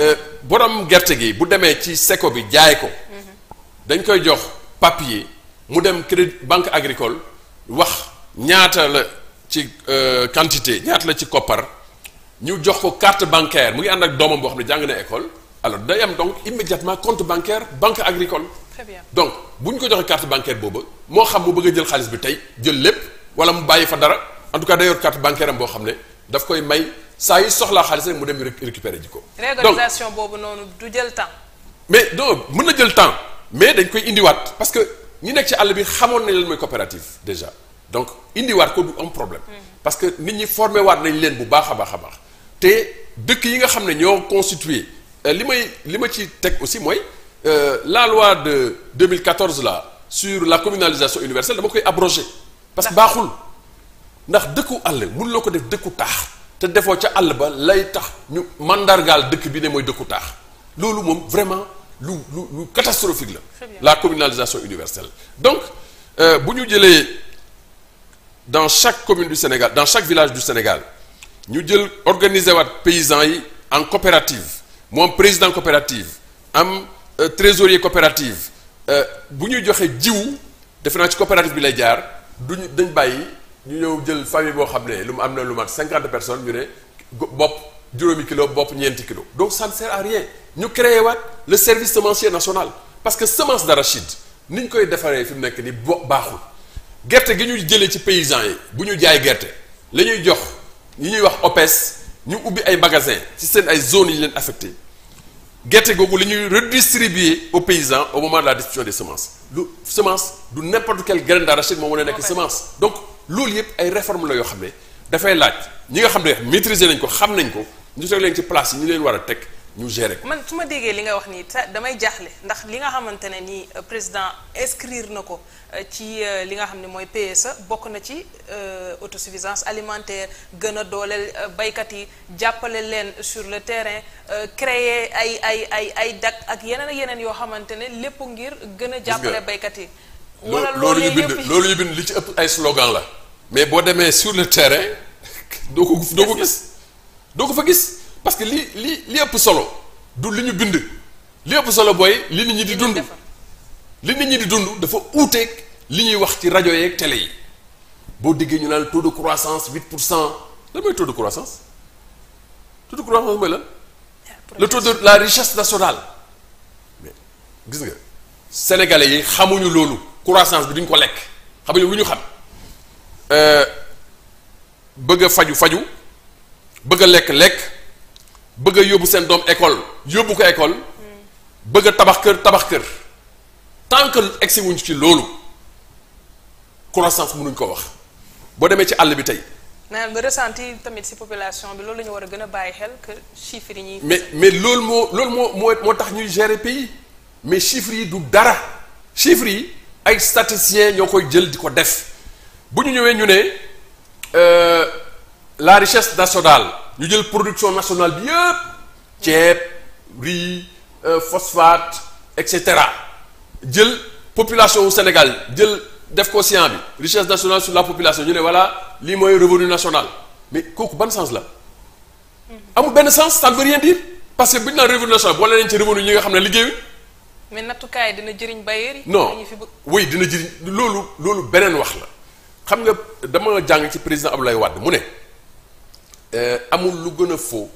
euh, borom gerte gi bu demee ci seko bi jaay ko mhm. dañ koy jox papier mu dem crédit banque agricole wax ñaata la ci euh, quantité ñaata la ci koppar ñu jox ko carte bancaire mu ngi ànd ak doomam boo xam ne jàng na école alors day am donc immédiatement compte bancaire banque agricole. très donc bu ñu ko joxee carte bancaire boobu moo xam mu bëgg a jël xaalis bi tey jël lépp wala mu bàyyi fa dara. en tout cas day yor carte bancaire am boo xam ne daf koy may saa yu soxlaa xaalis rek mu dem récupérer ji ko. régularisation boobu noonu du jël temps. mais donc mun na jël temps mais dañ koy indiwaat parce que ñu nekk ci àll bi xamoon nañ leen mooy coopérative déjà donc indiwaat ko du am problème. Mm-hmm. parce que nit ñi formé waat nañ leen bu baax a baax a baax te dëkk yi nga xam ne ñoo constitué euh, li may li ma ci teg aussi mooy euh, la loi de 2014 là sur la communalisation universelle dama koy abrogé. parce que baaxul. ndax dëkku àll mun loo ko def dëkku taax te defoo ca àll ba lay tax ñu mandargaal dëkk bi ne mooy dëkku taax loolu moom vraiment lu lu lu catastrophique la la communalisation universelle donc euh, bu ñu jëlee dans chaque commune du Sénégal dans chaque village du Sénégal ñu jël organiser waat paysans yi en coopérative mu am président coopérative am euh, trésorier coopérative euh, bu ñu joxe jiw defe naa ci coopérative bi lay jaar du ñu dañ bàyyi ñu ñëw jël famille boo xam ne lu mu am na lu mat cinquante personnes ñu ne bopp juróomi kilo bopp ñeenti kilo donc ça ne sert ñu créé waat le service semencier national parce que semence d'arachide ni ñu koy defaree fi mu nekk ni bo baaxul gerte gi ñuy jëlee ci paysans yi bu ñu jaay gerte la ñuy jox yi ñuy wax OPES ñu ubbi ay magasins ci seen ay zones yi leen affecté gerte googu li ñuy redistribuer aux paysans au moment la distribution des semences lu semence du n'importe quelle graine d'arachide moom mën nekk semence donc loolu yëpp ay réforme la yoo xam ne dafay laaj ñi nga xam ne maîtriser nañ ko xam nañ ko ñu teg leen ci place yi ñu leen war a teg ñu gérer ko. man su ma déggee li nga wax nii damay jaaxle ndax li nga xamante ne nii euh, président inscrire na ko euh, ci euh, li nga xam ne mooy PSA bokk na ci autosuffisance alimentaire gën a dooleel baykat yi jàppale leen sur le terrain créer ay ay ay ay DAC ak yeneen ak yeneen yoo xamante ne lépp ngir gën a jàppale baykat yi wala loolu ñu bind loolu ñu bind li ci ëpp ay slogan la mais boo demee sur le terrain doo ko doo ko gis doo ko fa gis parce que li li li ëpp solo du li ñu bind li ëpp solo booy li nit ñi di dund li nit ñi di dund dafa uuteeg li ñuy wax ci rajo yeeg télé yi boo déggee ñu naan taux de croissance 8 pour cent lan mooy taux de croissance taux de croissance mooy lan le taux de la richesse nationale mais gis nga sénégalais yi xamuñu loolu croissance bi duñ ko lekk xam nga lu ñu xam euh, bëgg faju faju bëgg lekk lekk bëgg yóbbu seen doom école yóbbu ko école bëgg tabax kër tabax kër tant que egsi wuñ ci loolu croissance mënuñ ko wax boo demee ci àll bi tey. naan ressenti tamit ci population bi loolu la war a gën a bàyyi xel que chiffres yi ñuy. mais mais loolu moo loolu moo moo tax ñuy ger pays mais chiffres yi du dara chiffres yi. ay statisticiens ñoo koy jël di ko def bu ñu ñëwee ñu ne euh, la richesse nationale ñu jël production nationale bi yëpp ceeb riz euh, phosphate et cetera jël population wu Sénégal jël def ko cien bi richesse nationale sur la population ñu ne voilà lii mooy revenu national mais kooku ban sens la mm-hmm. amul benn sens ça ne veut rien dire parce que bu ñu naan revenu national boole nañ ci revenu ñi nga xam ne liggéey mais nattukaay dina jëriñ bailleur yi. non oui dina jëriñ loolu loolu beneen wax la xam nga dama jàng ci président Abdoulaye Wade mu ne euh, amul lu gën a faux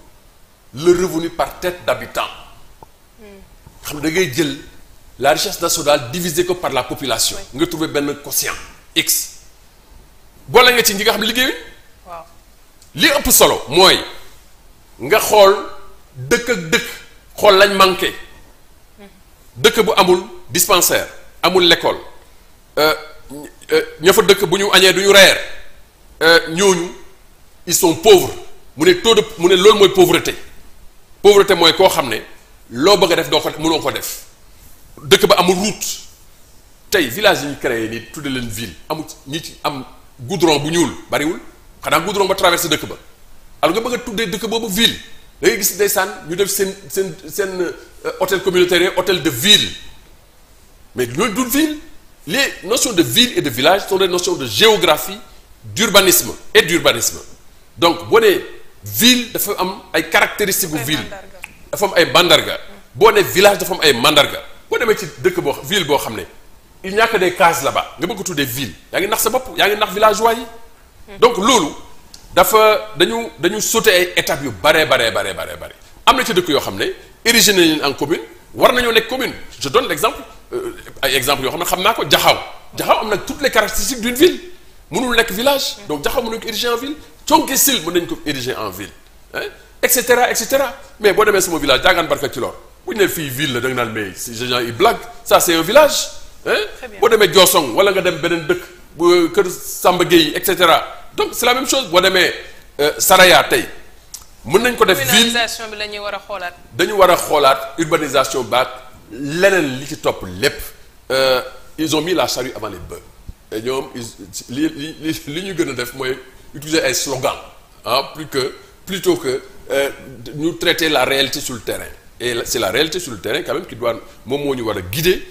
le revenu par tête d'habitant hmm. xam da ngay jël la richesse nationale divisé ko par la population. nga trouvé benn quotient x. boole nga ci ñi xam liggéey waaw li ëpp solo mooy nga xool dëkk ak dëkk xool lañ manqué. dëkk bu amul dispensaire amul lekkool euh, ña fa dëkk bu ñu añee du ñu reer euh, ñooñu il sont pauvres mu ne taux de mu ne loolu mooy pauvreté pauvreté mooy koo xam ne loo bëgg a def doo ko mënoo ko def dëkk ba amul route tey village yi ñu créé nii tudde leen ville amul ñi ci am goudron bu ñuul bariwul xanaa goudron ba traversé dëkk ba alors nga bëgg a tuddee dëkk boobu ville da gis ndeysaan ñu def seen seen seen Euh, hôtel communautaire hôtel de ville mais loolu du ville les notions de ville et de village sont des notions de géographie d'urbanisme et d'urbanisme donc boo ne ville dafa am ay caractéristiques bu ville dafa am ay mandarga boo ne village dafa am ay mandarga boo demee ci dëkk boo ville boo xam ne il ñàkk a case la ba nga bëgg tuddee ville yaa ngi nax sa bopp yaa ngi nax villageois yi donc loolu dafa dañu dañu sauté ay étapes yu baree baree baree baree bare am na ci dëkk yoo xam ne érigé nañ en commune war nañoo nekk commune je donne exemple euh, exemple yoo xam ne xam naa ko Jaxaw Jaxaw am na toutes les caractéristiques d'une ville mënul nekk village donc Jaxaw mën nañ ko érigé en ville Thionck Essyl mën nañ ko érigé en ville et cetera et cetera mais boo demee sama village Diagane Barka Cilor bu ñu nee fii ville la naan mais ces gens yi blague ça c' un village boo demee Diosong wala nga dem beneen dëkk bu kër Samba Gueye et cetera donc c' la même chose boo demee euh, Saraya tey mën nañ ko def ville urbanisation bi la ñuy war a xoolaat. dañu war a xoolaat urbanisation baat leneen li ci topp lépp euh, ils ont mis la charrue avant les bœufs ñoom li li li ñu gën a def mooy utiliser ay slogans ah plus que plutôt que ñu euh, traiter la réalité sur le terrain et c'est la réalité sur le terrain quand même qui doit moom moo ñu war a guider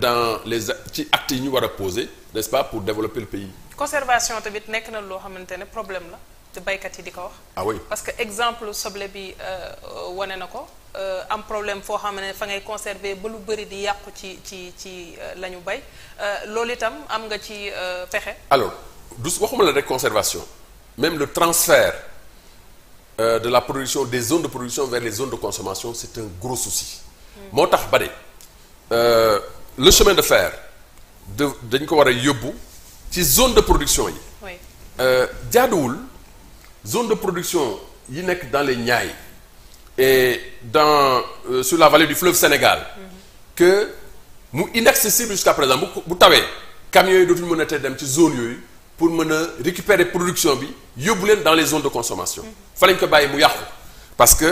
dans les ci actes yi ñu war a poser n'est-ce pas pour développer le pays. conservation tamit nekk na loo xamante ne problème la. te baykat yi di ko wax. ah parce que exemple soble bi euh, wane na ko euh, am problème foo xam ne fa ngay conserver ba lu bëri di yàqu ci ci ci euh, la ñu bay loolu itam am nga ci pexe. alors du waxuma la rek conservation même le transfert euh, de la production des zone de production vers les zone de consommation c'est un gros souci. Mm. moo tax ba de lu chemin de fer de dañ ko war a yóbbu ci zone de production yi. jaaduwul. zone de production yi nekk dans les ñaay et dans euh, la vallée du fleuve Sénégal mm-hmm. que mu inaccessible jusqu'à présent bu bu tawee camions yi dootuñu mën a te dem ci zone yooyu pour mën a récupérer production bi yóbbu leen dans les zones de consommation mm-hmm. fa lañ ko bàyyi mu yàqu parce que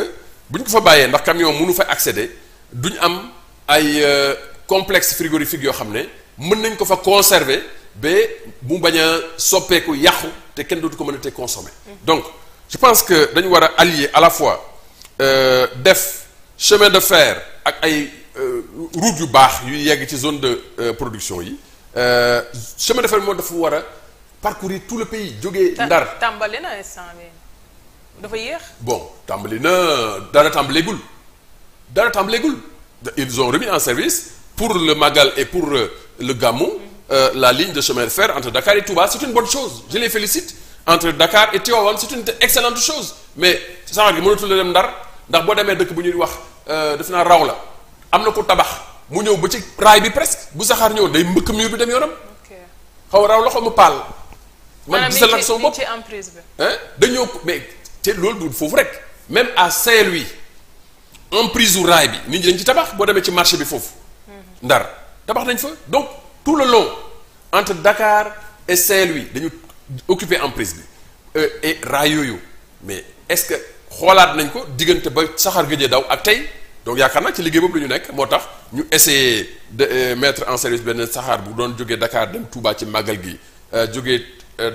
bu ñu ko fa bàyyee ndax camion mënu fa accéder duñ am ay euh, complexe frigorifique yoo xam ne mën nañ ko fa conserver ba mu bañ a soppeeku yàqu te kenn dootu ko mën a te consommer donc je pense que dañu war a allier à la fois euh, def chemin de fer ak ay euh, route yu baax yu yegg ci zone de euh, production yi euh, chemin de fer moo dafa war a parcourir tout le pays jóge Ndar tàmbali na instant bi dafa yéex bon tàmbali na dara tàmbaleegul dara tàmbaleegul ils ont remis en service pour le Magal et pour le gàmmu euh, la ligne de chemin de fer entre Dakar et Touba c'est une bonne chose je les félicite entre Dakar et Tivaouane c'est une excellente chose mais saxaar gi mënatul la dem Ndar ndax boo demee dëkk bu ñuy wax euh, def naa raw la am na ko tabax mu ñëw bu ci raay bi presque bu saxaar ñëw day mbëkk mur bi dem yoonam xaw raw la xaw mu paal man gisal nag sama bopp dañoo ko mais ce loolu du foofu rek même à Saint-Louis emprise u raay bi nit ñi dañ ci tabax boo demee ci marché bi foofu mhm. Ndar tabax nañ fa donc tout le long entre dakaar et Saint-Louis dañu occuper emprise bi euh, et raay yooyu mais est-ce que xoolaat nañ ko diggante ba saxaar gëjee daw ak tey donc yaakaar naa ci liggéey boobu la ñu nekk moo tax ñu essayer de euh, en service benn saxaar bu doon jógee Dakar dem Touba ci màggal gi euh, jóge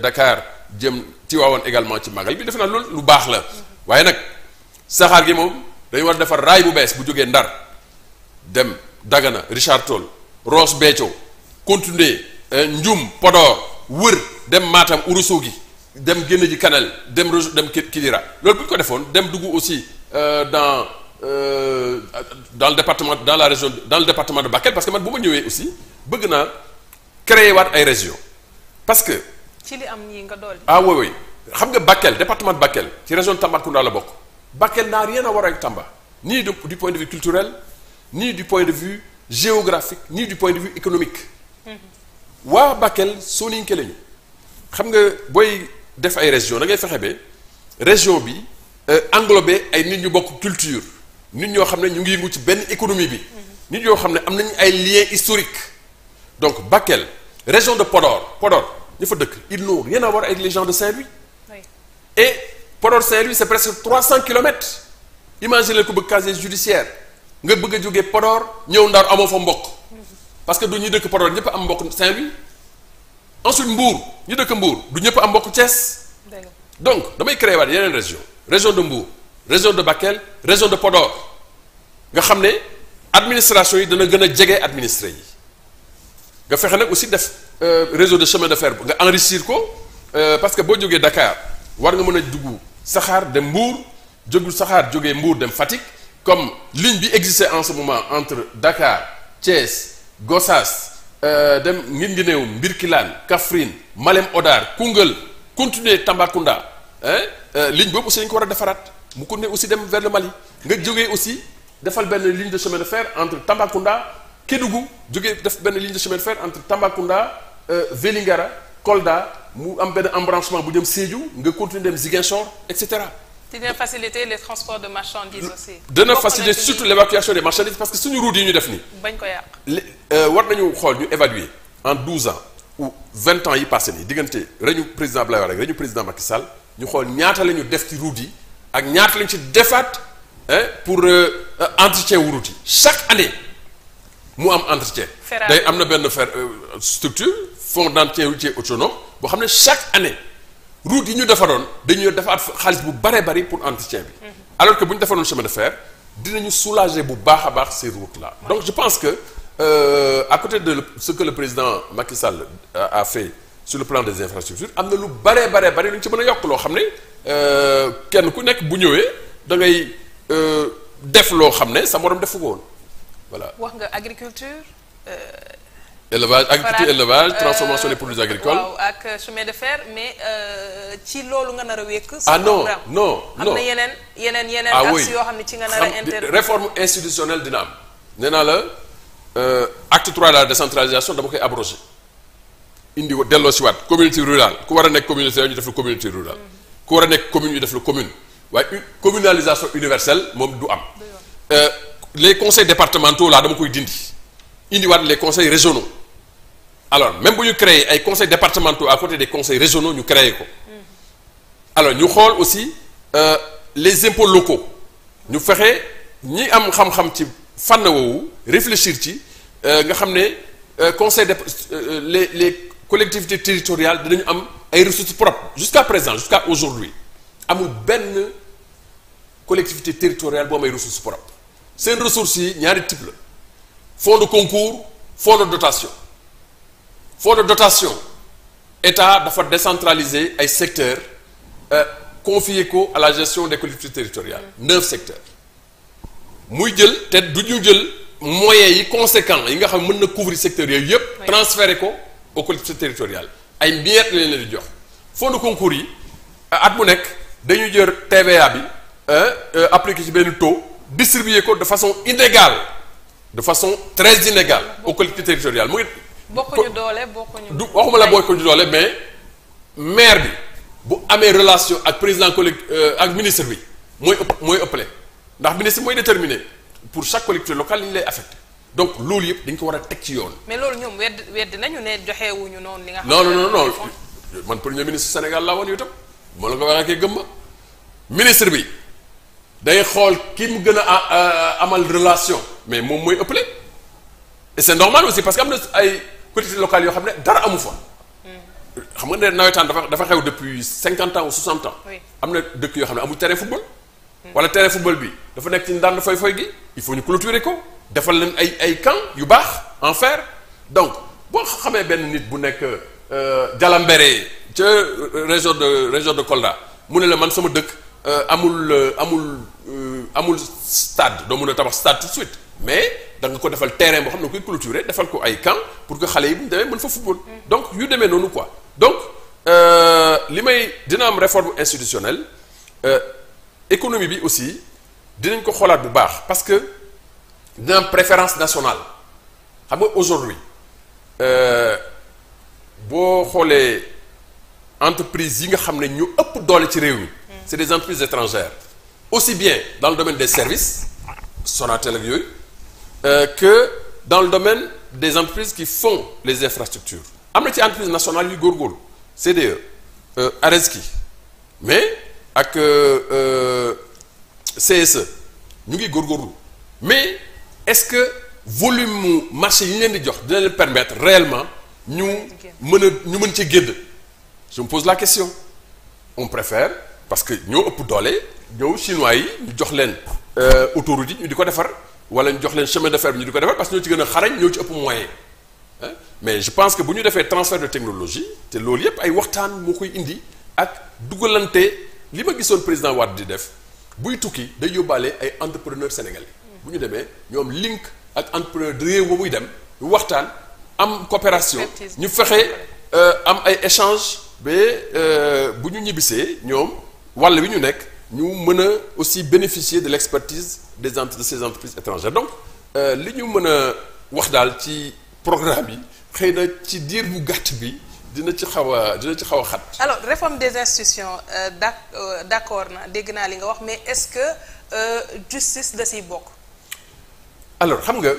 Dakar jëm Tiwaawan également ci màggal bi def naa loolu lu baax la waaye nag saxaar gi moom dañu war defar raay bu bees bu jógee Ndar dem Dagana Richard Toll roos Béthio continuer euh, Ndioum Podor wër dem Matam gi dem génn ji Kanel dem rejo dem Kidira loolu bu ñu ko defoon dem dugg aussi euh, dans euh, dans le département dans la région dans le département de Bakel parce que man bu ma ñëwee aussi bëgg naa créer waat ay régions parce que. ci li am ñii nga dolli. ah oui oui xam nga Bakel département de Bakel ci région de Tambacounda la bokk Bakel n'a rien a war avec Tamba nii du point de vue culturel ni du point de vue géographique ni du point de vue économique. Mm-hmm. waa Bakel soninke lañu xam nga booy def ay région da ngay fexe ba région bi euh, englobé ay nit ñu bokk culture nit ñoo xam ne ñu ngi yëngu ci benn économie bi mm-hmm. nit yoo xam ne am nañu ay liens historiques donc Bakel région de Podor Podor ñu fa dëkk ils n'ont rien à voir avec les gens de Saint-Louis oui. et Podor Saint-Louis c'est presque 300 kilomètres imaginez ko bëgg casier judiciaire nga bëgg a jógee Podor ñëw Ndar amoo fa mbokk mm-hmm. parce que du ñu dëkk Podor ñëpp am mbokk Saint-Louis ensuite Mbour ñu dëkk Mbour du ñëpp am mbokk donc damay créé waat yeneen région région de Mbour région de Bakel région de Podor nga xam ne administration yi dana gën a jege administré yi nga fexe nag aussi def euh, réseau de chemin de fer nga enrichir ko euh, parce que boo jógee Dakar war nga mën a dugg saxaar dem Mbour jógul saxaar jógee Mbour dem Fatick comme ligne bi existait en ce entre Dakar Thiès. Gossas euh, dem ngin ngi néew Mbirkilaan Kaffrine Malem Odar Koungheul continuer Tambacounda euh, ligne boobu aussi dañ ko war a defaraat mu continuer aussi dem vers le Mali nga jógee aussi defal benn ligne de semaine de fer entre Tambacounda Kédougou jógee def benn ligne de chemin de fer entre Tambacounda euh, Vélingara Kolda mu am benn embranchement bu jëm Sédhiou nga continuer dem Ziguinchor et cetera dina faciliter les transports de marchandises aussi. dana faciliter surtout l'évacuation des marchandises parce que suñu route yi ñu def nii. bañ euh, war nañu xool ñu évaluer en douze ans ou vingt ans yi passé nii diggante reñu président Abdoulaye Wade rek reñu président Macky ñu xool ñaata la ñu def ci route yi ak ñaata la ñu ci defaat pour euh, euh, entretien wu route chaque année mu am entretien. day am na benn fer structure fonds d'entretien routier autonome boo xam ne chaque année. route yi ñu defaroon dañuy defaat xaalis bu bare bari pour entretien bi mhm. alors que bu ñu defaroon chemin de fer dinañu soulager bu baax a baax ces routes là donc je pense que euh, à côté de ce que le président Macky Sall euh, a fait sur le plan des infrastructures am na lu bare bare bari lu ñu ci mën a yokk loo xam ne euh, kenn ku nekk bu ñëwee dangay ngay euh, def loo xam ne sa morom defu woon voilà wax nga agriculture élevage agriculture élevage euh, transformation des produits agricoles. waaw ak chemin de fer mais euh, ci loolu nga nar a wékk. ah non non non am na yeneen yeneen yeneen. Ah axes yoo xam ne ci nga nar a inter réforme dina am. nee naa la euh, acte trois de la décentralisation dama koy abrogé indi delloo si waat communauté rurale ku war a nekk ñu def la communauté nekk commune ñu def la commune waaye communalisation universelle moom du am. les conseils départementaux laa dama koy dindi indiwaat les conseils régionaux. alors même bu ñu créer ay conseils départementaux à côté des conseils régionaux ñu créer ko alors ñu xool aussi euh, les impôts locaux ñu fexe ñi am xam-xam ci fànn woowu réfléchir ci euh, nga xam ne euh, conseil de euh, euh, les les collectivités territoriales dinañu am ay ressources propres jusqu'à présent jusqu'à aujourd'hui amul benn collectivité territoriale boo am ay ressources propres seen ressources yi ñaari type la fonds de concours fonds de dotation fonds de dotation état dafa décentraliser ay secteurs euh, confier ko à la gestion des collectivités territoriales mm. neuf secteur muy jël te du ñu jël moyens yi conséquents yi nga xam mën na couvri secteurs yooyu yëpp transférer ko aux collectivités territoriales ay miettes lañ jox fonds de concours yi euh, at mu nekk dañuy jël TVA bi euh, appliqué ci benn taux distribuer ko de façon inégale de façon très inégale mm. aux collectivités territoriales bokkuñu doole bokkuñu. du waxuma la bokkuñu doole mais maire bi bu amee relation ak président collectivité euh, ak ministre bi mooy ëpp mooy ëppale ndax ministre mooy déterminer pour chaque collectivité locale li ñu lay affecté donc loolu yëpp dañ ko war a teg ci yoon. mais loolu ñoom wedd wedd nañu ne joxewuñu noonu. li nga xam ne non non non man premier ministre Sénégal laa woon yow itam moo la ko ma ministre bi day xool ki mu gën a amal relation mais moom mooy ëppale et c'est normal aussi parce que am na ay. collectivités locales yoo xam ne dara amu fa. Hmm. xam nga ne nawetaan dafa dafa xew depuis cinquante ans ou soixante ans. am na dëkk yoo xam ne amul tere football. Hmm. wala tere football bi dafa nekk ci ndànd foy-foy gi il faut ñu clôturer ko defal leen ay ay camp yu baax en fer donc boo xamee benn nit bu nekk euh, Jalambere ca euh, région de région de Kolda mu ne la man sama dëkk euh, amul amul amul stade doo mun a tabax stade tout suite da ko defal terrain boo xam ne koy clôturer defal ko ay camp pour que xale yi bu ñu demee mën fa football. donc yu demee noonu quoi donc euh, li may dina am réforme institutionnelle euh, économie bi aussi dinañ ko xoolaat bu baax parce que dina am préférence nationale xam nga aujourd'hui euh, boo xoolee entreprise yi nga xam ne ñu ëpp doole ci réew mi. c'est des entreprises étrangères aussi bien dans le domaine des services sonate ak yooyu. euh, que dans le domaine des entreprises qui font les infrastructures am na ci entreprise nationale yu góorgóorlu CDE euh, Areski mais ak euh, euh, CSE ñu ngi góorgóorlu mais est-ce que volume mu marché yi ñu leen di jox dina leen permettre réellement ñu mën a ñu mën ci gédd je me pose la question on préfère parce que ñoo ëpp doole ñëw chinois yi ñu jox leen autoroute yi ñu di ko defar wala ñu jox leen chemin de fer bi ñu di ko defar parce que ñoo ci gën a xarañ ñoo ci ëpp moyen mais je pense que bu ñu defee transfert de technologie te loolu yépp ay waxtaan moo koy indi ak dugalante li ma gisoon président Wade di def buy tukki day yóbbaale ay entrepreneur sénégalais bu ñu demee ñoom link ak entrepreneur de réew ba muy dem waxtaan am coopération ñu fexe euh, am ay échange ba euh, bu ñu ñibbisee ñoom wàll bi ñu nekk ñu mën a aussi bénéficier de l'expertise des de ces entreprises étrangères donc euh, li ñu mën a wax daal ci programme yi xëy na ci diir bu gàtt bi dina ci xaw a dina ci xaw a xat. alors réforme des institutions euh, d' euh, d' accord na dégg naa li nga wax mais est-ce que euh, justice da si bokk. alors xam nga. ngir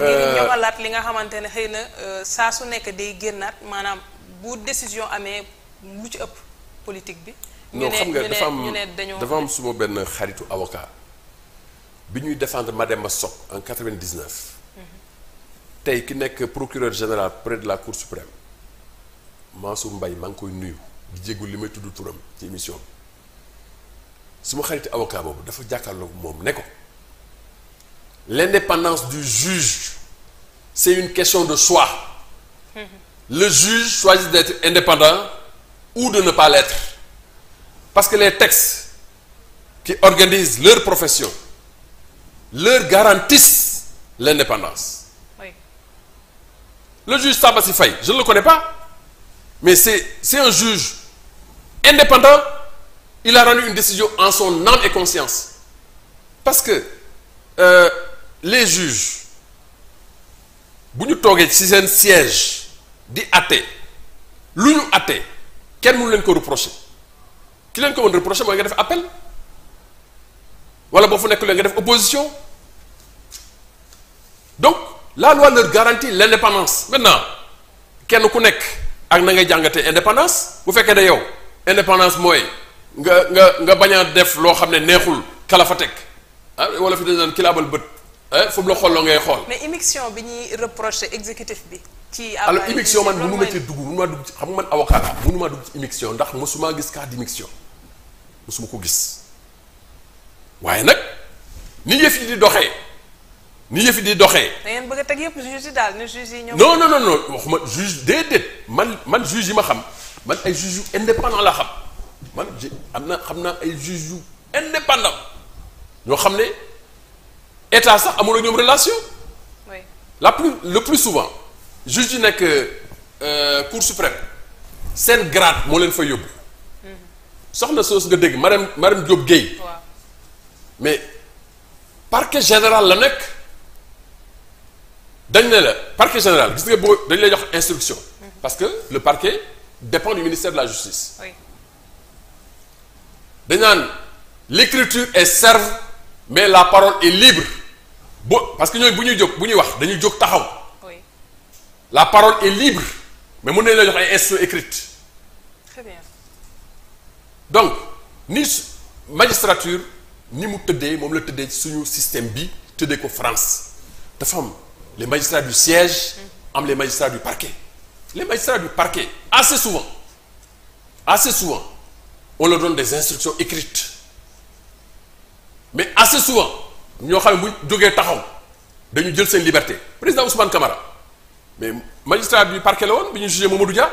euh, ñëwalaat li nga xamante ne xëy na euh, saa su nekk day génnaat maanaam bu décision amee mu ci ëpp politique bi. non xam nga dafa am dafa am suma benn xaritu avocat bi ñuy défendre Mademba Sock en 99 mhm. tey ki nekk procureur général près de la cour suprême Mansour mbay maa ngi koy nuyu di jégul li may tudd turam ci émission bi suma xaritu avocat boobu dafa jàkkaarloo moom ne ko l'indépendance du juge c'est une question de choix mhm. le juge choisit d'être indépendant ou de ne pas l'être parce que les textes qui organisent leur profession leur garantissent l'indépendance oui. le juge sa Faye je ne le connais pas mais c'est c'est un juge indépendant il a rendu une décision en son âme et conscience parce que euh, les juges bu ñu toogee ci seen siège di àtte lu ñu àtte kenn mënu leen ko reprocher ki leen ko woon reproché mooy nga def appel wala boo fu nekk leen nga def opposition donc la loi leur garantit l'indépendance maintenant kenn ku nekk ak na ngay jàngatee indépendance bu fekkee ne yow indépendance mooy nga nga nga bañ def loo xam ne neexul kala fa teg ah fi dañ naan ki bët eh, fu mu la xooloo ngay xool. mais immixtion bi ñuy reproché exécutif bi. ci alors immixtion man mënu ma ci dugg mënu maa dugg ci xam nga man avocat laa musuma ko gis waaye nag ni yëf yi di doxee ni yëf yi di doxee. da ngeen bëgg a teg yëpp juge yi daal ne juge yi ñoom. non non non man man juge yi ma xam man ay juge yu indépendant laa xam man ji am na xam na ay juge yu indépendant ñoo xam ne état sax amul ñoom relation. oui la plus le plus souvent juge yi nekk euh, cour suprême seen grade moo leen fa yóbbu. soxna soos nga dégg madame madame Diop Guèye mais parquet général la nekk dañ ne la parquet général gis nga boo dañ lay jox instruction parce que le parquet dépend du ministère de la justice oui. dañ naan l'écriture est serve mais la parole est libre bo parce que ñooy bu ñuy jóg bu ñuy wax dañuy jóg taxaw la parole est libre mais mun nañ la jox ay instruction écrite très donc ni magistrature ni mu tëddee moom la tëddee suñu système bi tëddee ko France dafa am les magistrats du siège am les magistrats du parquet les magistrats du parquet assez souvent assez souvent on leur donne des instructions écrites mais assez souvent ñoo xam ne bu jógee taxaw dañu jël seen liberté président Ousmane Camara mais magistrat du parquet la woon bi ñu jugé Mamadou Dia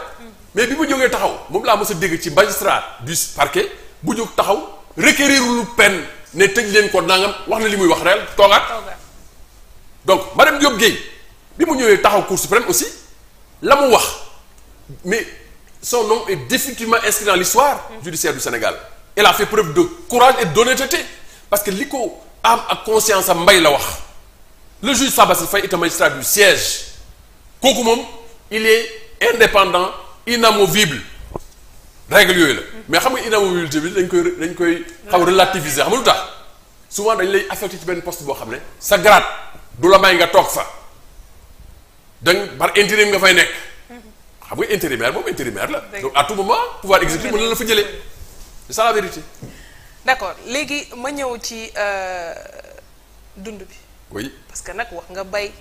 mais bi mu jógee taxaw moom laa mës a dégg ci magistrat du parquet bu jóg taxaw requérir lu ne tëj leen ko nangam wax na li muy wax reel toogaat donc madame Diop Gueye bi mu ñëwee taxaw cour suprême aussi la mu wax mais son nom est définitivement inscrit dans l'histoire judiciaire du Sénégal elle a fait preuve de courage et d'honnêteté parce que li ko am ak conscience am mbay la wax le juge Sabassy Faye est un magistrat du siège kooku moom il est indépendant inamovible règle yooyu la mais xam nga inamovibilité bi dañ koy dañ koy xaw relativiser xam nga lu tax souvent dañ lay affecté ci benn poste boo xam ne sa grade du la may nga toog fa dañ par intérim nga fay nekk xam nga intérimaire moom intérimaire la donc à tout moment pouvoir exécutif mën na la fa jëlee c'est ça d'accord léegi ma ñëw ci euh, dund bi oui parce que nag wax nga bay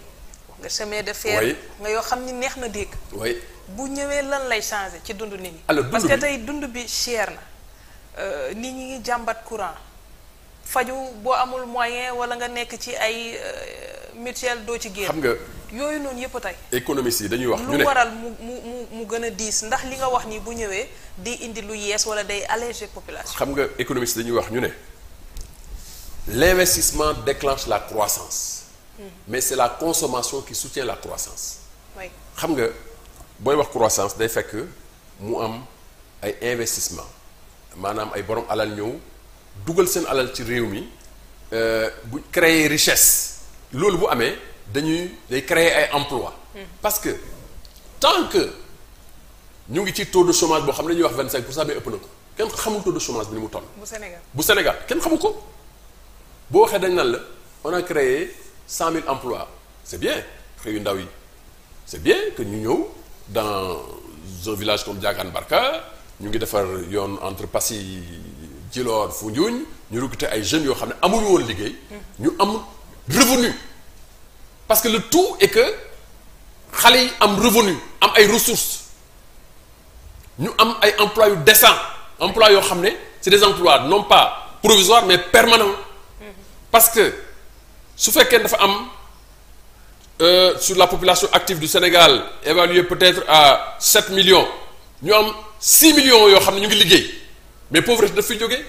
wax nga chemin de fer nga yoo xam ni neex na dégg oui bu ñëwee lan lay changer ci dund nit ñi. parce que tey dund bi cher na euh, nit ñi ngi jàmbat courant faju boo amul moyen wala nga nekk ci ay euh, mutuelle doo ci génn. xam nga yooyu noonu yëpp tey. économistes yi dañuy wax ñu ne lu waral mu mu mu mu gën a diis ndax li nga wax nii bu ñëwee di indi lu yees wala day alléger population. xam nga économistes dañuy wax ñu ne l'investissement déclenche la croissance. Hmm. mais c'est la consommation qui soutient la croissance. xam nga. booy wax croissance day fekk mu am ay investissement maanaam ay borom alal ñëw dugal seen alal ci réew mi euh, bu créer richesse loolu bu amee dañuy day créer ay emploi hmm. parce que tant que ñu ngi ci taux de chômage boo xam ne ñuy wax vingt cinq pour cent mais ëpp na ko kenn xamul taux de chômage bi ni mu toll. bu Sénégal bu Sénégal kenn xamu ko boo waxee dañ nan la on a créé cent mille emplois c'est bien xëyu ndaw yi c'est bien que ñu ñëw. dans un village comme Diakane Barka ñu ngi defar yoon entre Passy Djilor Foundiougne ñu recruter ay jeunes yoo xam ne amuñu woon liggéey. ñu am revenu. parce que le tout et que xale yi am revenu am ay ressources ñu am ay emplois yu décents emplois yoo xam ne c'est des emplois non pas provisoires mais permanents parce que su fekkee dafa am. su euh, sur la population active du Sénégal évaluée peut-être à 7 millions ñu am 6 million yoo xam ne ñu ngi liggéey mais pauvreté daf fi jógee.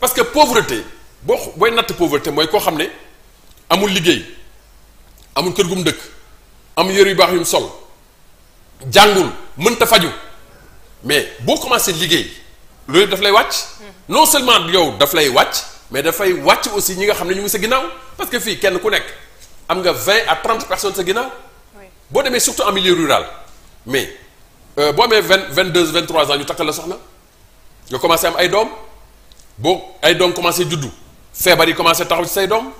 parce que pauvreté boo booy natt pauvreté mooy koo xam ne amul liggéey amul kër gu mu dëkk am yër yu baax yu mu sol jàngul mënta faju mais boo commencé liggéey loolu daf lay wàcc. Hmm. non seulement yow daf lay wàcc mais dafay wàcc aussi ñi nga xam ne ñu ngi sa ginnaaw parce que fii kenn ku nekk. am nga vingt à trente personnes sa ginnaaw. boo demee surtout en milieu rural mais euh, boo amee vingt vingt deux vingt trois ans ñu takkal la soxna nga commencé am ay doom boo ay doom commencé juddu feebar yi commencé taxaw ci say doom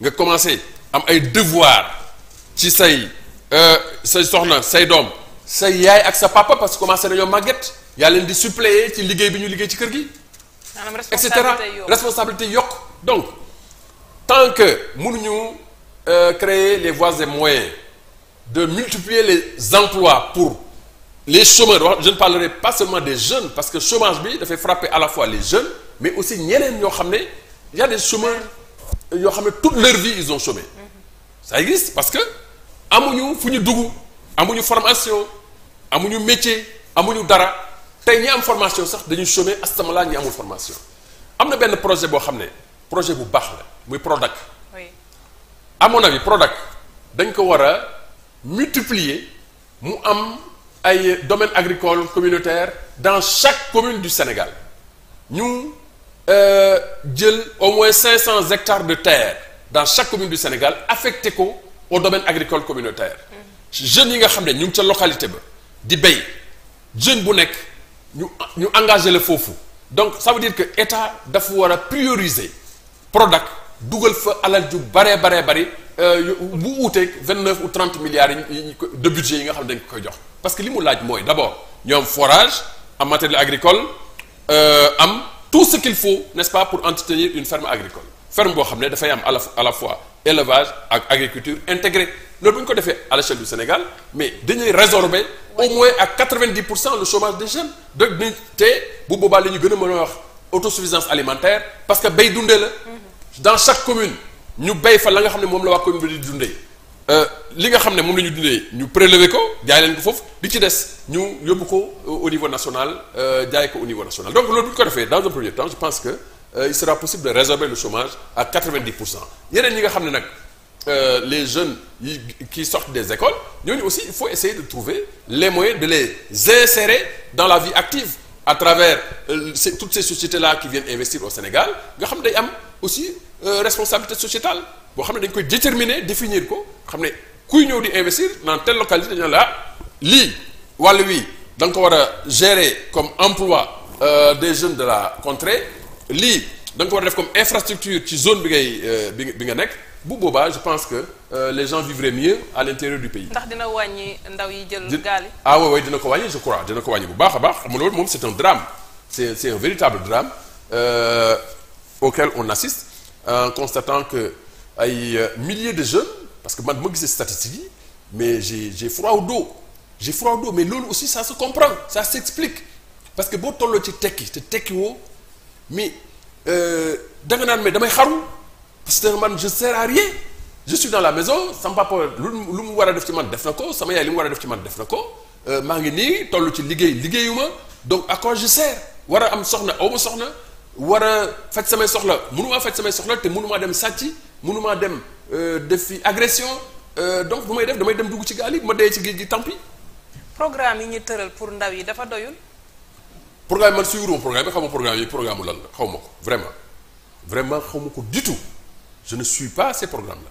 nga commencé am ay devoir ci say euh, say soxna say doom say yaay ak sa papa parce que commencé nañoo màgget yàlla leen di suppléer ci liggéey bi ñu liggéey ci kër gi. et cetera responsabilité yokk donc tant que mënuñu. euh, créer les voies et moyens de multiplier les emplois pour les chômeurs je ne parlerai pas seulement des jeunes parce que chômage bi dafay frapper à la fois les jeunes mais aussi ñeneen ñoo xam ne y a des yoo xam ne toute leur vie ils ont chômé ça existe parce que amuñu fu ñu dugg amuñu formation amuñu métier amuñu dara tey ñi am formation sax dañuy chômer astama laa ñi amul formation am na benn projet boo xam ne projet bu baax la muy Prodac amoon mon avis Prodac dañ ko war a multiplier mu am ay domaine agricole communautaire dans chaque commune du Sénégal ñu euh, jël au moins cinq cents hectares de terre dans chaque commune du Sénégal affecté ko au domaine agricole communautaire jeunes yi nga xam ne ñu ngi ca localité ba di béy jeune bu nekk ñu ñu engagé la foofu donc ça veut dire que état dafa war a prioriser Prodac dugal fa alal ju baree baree bari euh, bu uuteeg vingt neuf ou trente milliards yi de budget yi nga xam ne dañ ko koy jox parce que li mu laaj mooy d' abord ñoom forage am matériel agricole euh, am tout ce qu'il faut n'est-ce pas pour entretenir une ferme agricole ferme boo xam ne dafay am à la fois élevage ak agriculture intégrée loolu bu ñu ko defee à l'échelle du Sénégal mais dañuy résorber au moins à quatre-vingt-dix pour cent le chômage des jeunes donc te bu boobaa ñu gën a mën a wax autosuffisance alimentaire parce que bay dundee la mm. dans chaque commune ñu béy fa la nga xam ne moom la waa commune bi di dundee euh, li nga xam ne moom la ñu dundee ñu prélever ko jaay leen ko foofu li ci des ñu yóbbu ko euh, au niveau national euh, jaay ko au niveau national donc loolu bu ko defee dans un premier temps je pense que il sera possible de résorber le chômage à 90 pour cent yeneen ñi nga xam ne nag les jeunes yi qui des écoles ñooñu aussi il faut essayer de trouver les moyens de les insérer dans la vie active à travers toutes ces sociétés là qui viennent investir au Sénégal nga xam day am. aussi euh, responsabilité sociétale boo xam ne dañ koy déterminer définir ko xam ne kuy ñëw di investir dans telle localité dañu la lii wàll wii da nga ko war a gérer comme emploi euh, des jeunes de la contrée lii da nga ko war a def comme infrastructure ci zone bi ngay euh, bi bi nga nekk bu boobaa je pense que les gens vivraient mieux à l'intérieur du pays. ndax dina wàññi ndaw yi jël gaal yi. ah oui oui dina ko wàññi je crois dina ko wàññi bu baax a baax xam nga loolu moom c'est un drame c'est c'est un véritable auquel on assiste en constatant que ay euh, milliers de jeunes parce que man bu ma gisee statistiques yi mais j'ai j'ai froid au dos j'ai froid au dos mais loolu aussi ça se comprend ça s'explique parce que boo tolloo ci tekki te tekki woo mais euh, da naan mais damay xarul parce que man je sers à rien je suis dans la maison sama papa lu lu mu war a def ci man def na ko sama yaay li mu war a def ci man def na ko euh, maa ngi nii tollu ci liggéey liggéeyuma donc à je sers war a am soxna aw soxna war a faj samay soxla mënumaa faj samay soxla te mënumaa dem sàcc mënumaa dem euh, def fi agression euh, donc bu may def damay dem dugg ci gaali yi ma dee ci géej gi tant pis programme yi ñu tëral pour ndaw yi dafa doyul programme man suivre ma programme bi xaw ma programme yi programme lan la xaw ma ko vraiment vraiment xaw ma ko du tout je ne suis pas ces programmes là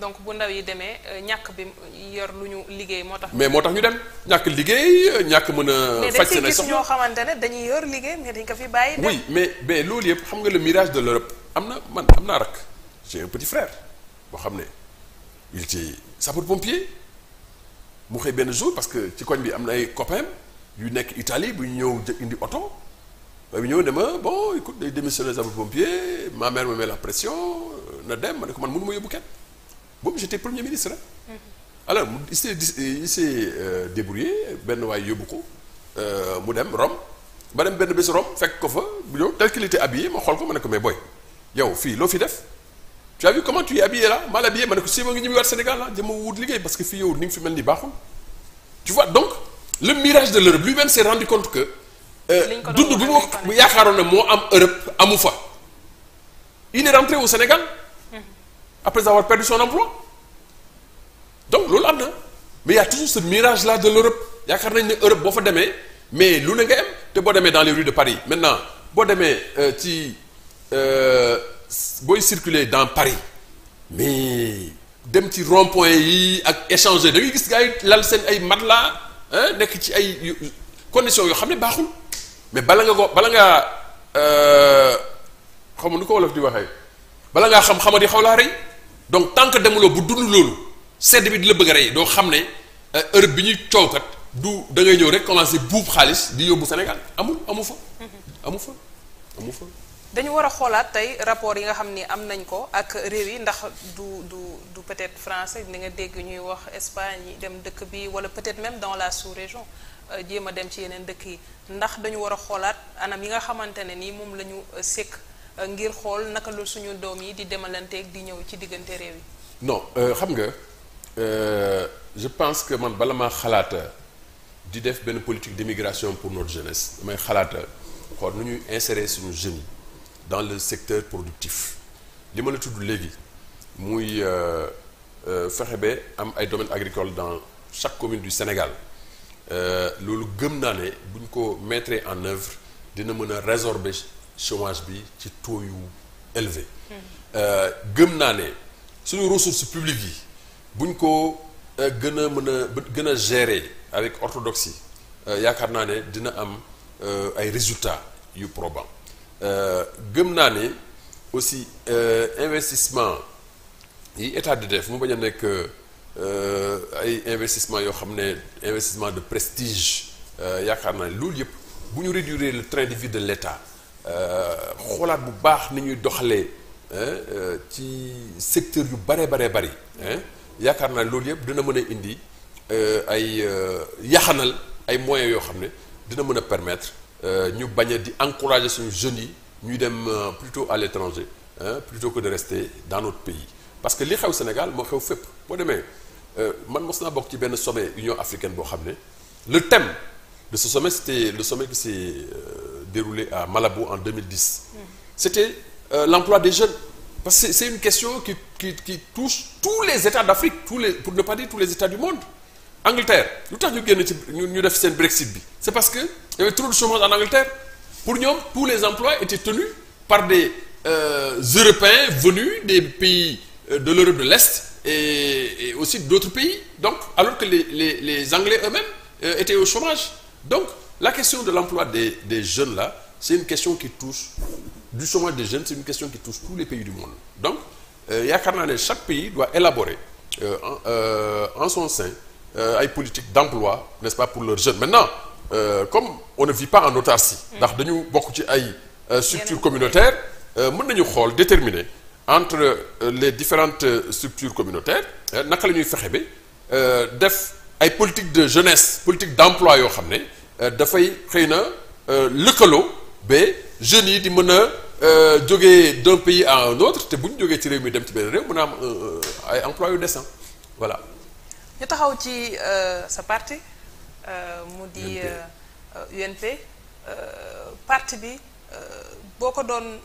donc bu ndaw yi demee euh, ñàkk bi yor lu ñu liggéey moo tax. mais moo tax ñu dem ñàkk liggéey ñàkk mën a. faj seen soxla xamante ne dañuy yor liggéey mais dañ ko fi bàyyi. dem oui mais mais yëpp xam nga le mirage de l'Europe am na man am naa rak j'ai boo xam ne il était sapeur pompier benn jour parce que ci koñ bi am na ay copains yu nekk Italie bu ñu ñëw indi oto ba ñëw ne ma bon écoute day démissionné sapeur pompier ma mère me met la dem ma ne ko man mënu ma yóbbu kenn. boobu j'étais premier ministre hein? Mm-hmm. alors il s'est il s'est euh, débrouillé benn waay yóbbu ko euh, mu dem Rome ba dem benn bés Rome fekk ko fa bu ñëw tel qu'il était habillé ma xool ko ma ne ko mais booy yow fii loo fi def tu as vu comment tu es habillé là mal habillé ma ne ko si ma ngi ñibbiwaat Sénégal la ah, jëm a wut liggéey parce que fii yow ni nga fi mel ni baaxul tu vois donc le mirage de l'Europe bi même s'est rendu compte que euh, dund bi mu yaakaaroon ne moo am Europe amu fa il est rentré après avoir perdu son emploi donc loolu am na mais y toujours ce mirage la de l'Europe yaakaar nañ ne Europe boo fa demee mais lu ne nga am te boo demee dans les rues de Paris boo demee euh, ci euh, booy circuler dans Paris mais dem ci rond-point yi ak échanger da gis gars yi lal seen ay laa nekk ci ay condition yoo xam ne baaxul mais bala nga ko bala ngaa euh, xam nu ko di waxee bala ngaa xam xamadi xaw laa rey donc tant que demuloo bu dund loolu sedd bi di la bëgg rey doo xam ne euh, heure bi ñuy coow du da ngay ñëw rek commencé buub xaalis di yóbbu Sénégal amul amu fa. amu fa amu fa. dañu war a xoolaat tey rapport yi nga xam ni am nañ ko ak réew yi ndax du du du peut-être français di nga dégg ñuy wax Espagne yi dem dëkk bi wala peut-être même dans la sous-région euh, jéem a dem ci yeneen dëkk yi ndax dañu war a xoolaat anam yi nga xamante ne nii moom la ñu euh, sekk ngir xool naka la suñu doom yi di demalanteeg di ñëw ci diggante réew yi. non euh, xam nga euh, je pense que man bala maa xalaata di def benn politique d'immigration pour notre jeunesse damay xalaata xool nu ñuy insérer suñu jeunes dans le secteur productif li ma a tudd léegi muy euh, fexe ba am ay domaines agricoles dans chaque commune du Sénégal loolu gëm naa ne bu ñu ko mettre en œuvre dina mën a résorber. chomage bi ci taux yu élevé euh, gëm naa ne suñu ressources publiques yi buñ ko euh, gën a mën a gën a gérer avec orthodoxie euh, yaakaar naa ne dina am ay résultats yu probants gëm naa ne aussi investissement yi état di def mu bañ a nekk ay investissement yoo xam ne investissement de prestige yaakaar naa ne loolu yëpp bu ñu réduire le train de vie de l'État Euh, xoolaat bu baax ni ñuy doxalee euh, ci secteur yu bare bare bari yaakaar naa loolu yëpp dina mën a indi euh, ay yaxanal ay moyens yoo xam ne dina mën a permettre ñu bañ a di encourager suñu jeunes yi ñuy dem plutôt à l'étranger plutôt que de rester dans notre pays parce que li xew Sénégal moo xew fépp boo demee man mos naa bokk ci benn sommet Union africaine boo xam ne le thème de ce sommet c'était le sommet qui déroulé à Malabo en 2010. C'était euh, l'emploi des jeunes. Parce que c'est une question qui, qui, qui touche tous les États d'Afrique, tous les, pour ne pas dire tous les États du monde. Angleterre lu tax ñu génn ci ñu def seen Brexit bi c'est parce que y avait trop de chômage en Angleterre pour ñoom tous les emplois étaient tenus par des euh, Européens venus des pays euh, de l'Europe de l'Est et, et aussi d'autres pays donc alors que les les les Anglais eux-mêmes euh, étaient au chômage La question de l'emploi des, des jeunes la c'est une question qui touche du chômage des jeunes, c'est une question qui touche tous les pays du monde. Donc, euh, yaakaar naa ne chaque pays doit élaborer euh, en, euh, en son sein euh, ay euh, politique d'emploi n'est-ce pas pour leurs jeunes maintenant euh, comme on ne vit pas en autarcie ndax dañu bokk ci ay structures communautaires mën nañu xool déterminer entre les différentes structures communautaires naka la ñuy fexe ba def ay politique de jeunesse politique d'emploi yoo xam ne Euh, dafay xëy na euh, lëkkaloo ba jeunes yi di mën a euh, jógee d'un pays en un autre te bu ñu jógee ci réew mi dem ci benn réew mën a am ay emploi yu décent voilà. ñu taxaw ci sa parti mu di UNP parti bi boo ko doon